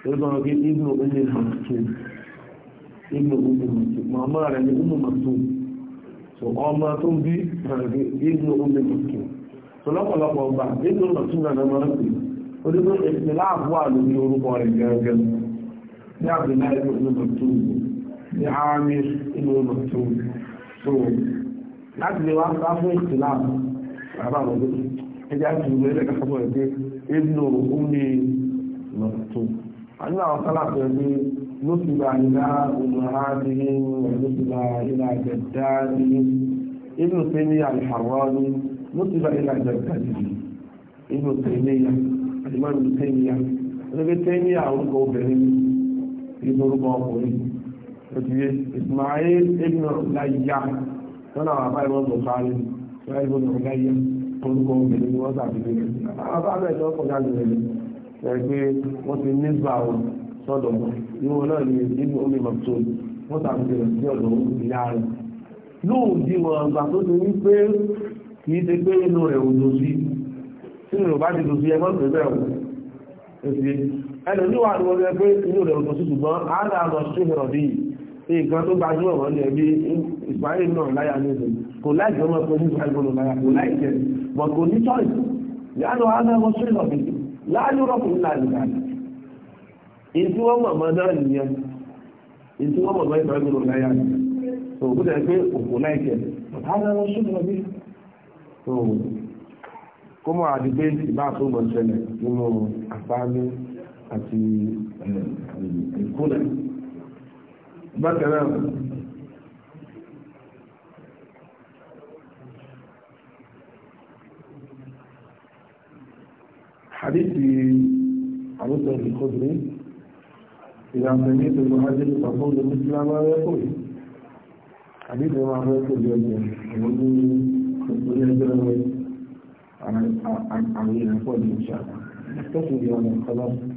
tó gbọ́nà kí inú ilé mọ̀tò inú ilé mọ̀tò màmá rẹ̀ ní inú mọ̀tò so ọmọ tó bí inú ilé mọ̀tò so lọ́pọ̀lọpọ̀ gbà inú mọ̀tò náà máa ń pè ó dé pé ìpínlẹ̀ àbúwà lórí orúkọ rẹ̀ gẹ́gẹ́ ní àbìlá ìlú olùmọ̀tún ní àmì ìlú olùmọ̀tún so láti lè wá bá fún ìtìláà bàbá àwọn olóòtú ẹjá ti rú ẹlẹ́ka sọ́pọ̀ ẹgbẹ́ ìlú olùmọ̀tún àdúrà àwọn sálàpẹ̀ ẹgbẹ́ ló ti bá ìlà olùhádìrín ló ti bá ìlà jẹ̀dáàdìrín ìlú tẹ́lẹ̀ àlùfàwọ́rí ló ti bá ìlà jẹ̀dáàdìrín ìlú tẹ́lẹ̀ àdìmọ́ ìlú tẹ́lẹ̀ ẹgbẹ́ tẹ́lẹ̀ àwọn orúkọ obìnrin ìdórúkọ ọkùnrin òtìyé Ismail ibn Ulayya lọ́nà àwọn afá ìwọ̀n bọ̀kárí Ismail ibn Ulayya orúkọ obìnrin ni wọ́n sàbílẹ̀ àwọn afá bẹ̀rẹ̀ tó kọjá lórí rẹ̀ rẹ̀ pé wọ́n ti nígbà wọn sọ́dọ̀ ìwọ̀n náà ni ibn omi mọ̀tòl wọ́n sàbílẹ̀ rẹ̀ sí ọ̀dọ̀ ìyá rẹ̀ lóòdì wọn àgbà tó ti ní pé kì í ṣe pé inú rẹ̀ ò lòsí sínú ìbá ti lòsí ẹgbọ́n tó bẹ̀rẹ̀ ẹlòmíwà ni wọ́n gbé inú rẹ̀ òtò ṣùgbọ́n àádá lọ sí ìrọ̀ bí nǹkan tó gbajúmọ̀ wọ́n ní ẹbí Ismail náà láyà lóṣù kò láìjẹ́ ọmọ pé ní Ismail náà láyà kò láìjẹ́ but kò ní choice yánà àádá lọ sí ìrọ̀ bí láàyè rọ́pù ńlá nìkan ìtí wọ́n mọ̀ mọ́ náà nìyẹn ìtí wọ́n mọ̀ mọ́ Ismail náà láyà so kó tẹ̀ pé òkò láìjẹ́ àádá lọ sí ìrọ̀ bí so kó mọ̀ àdìgbé ìbá àtúmọ̀ ṣẹlẹ̀ nínú àbámi àti ìkólẹ̀. Bákan náà, hadithi àrùsọ̀ ìkọ́dúrí, ìlànàmí tó lọ hajjí pàpọ̀ lè mùsùlùmí ẹ̀kọ́ yìí. Hadithi máa rẹ̀ kò lè ọjọ́ ìwọ́n ní ìpínlẹ̀ ẹgbẹ̀rẹ̀ àwọn ìrìnàpọ̀ ní ìṣàkà. Tọ́kùnrin ọ̀nà kọlọ́sùn.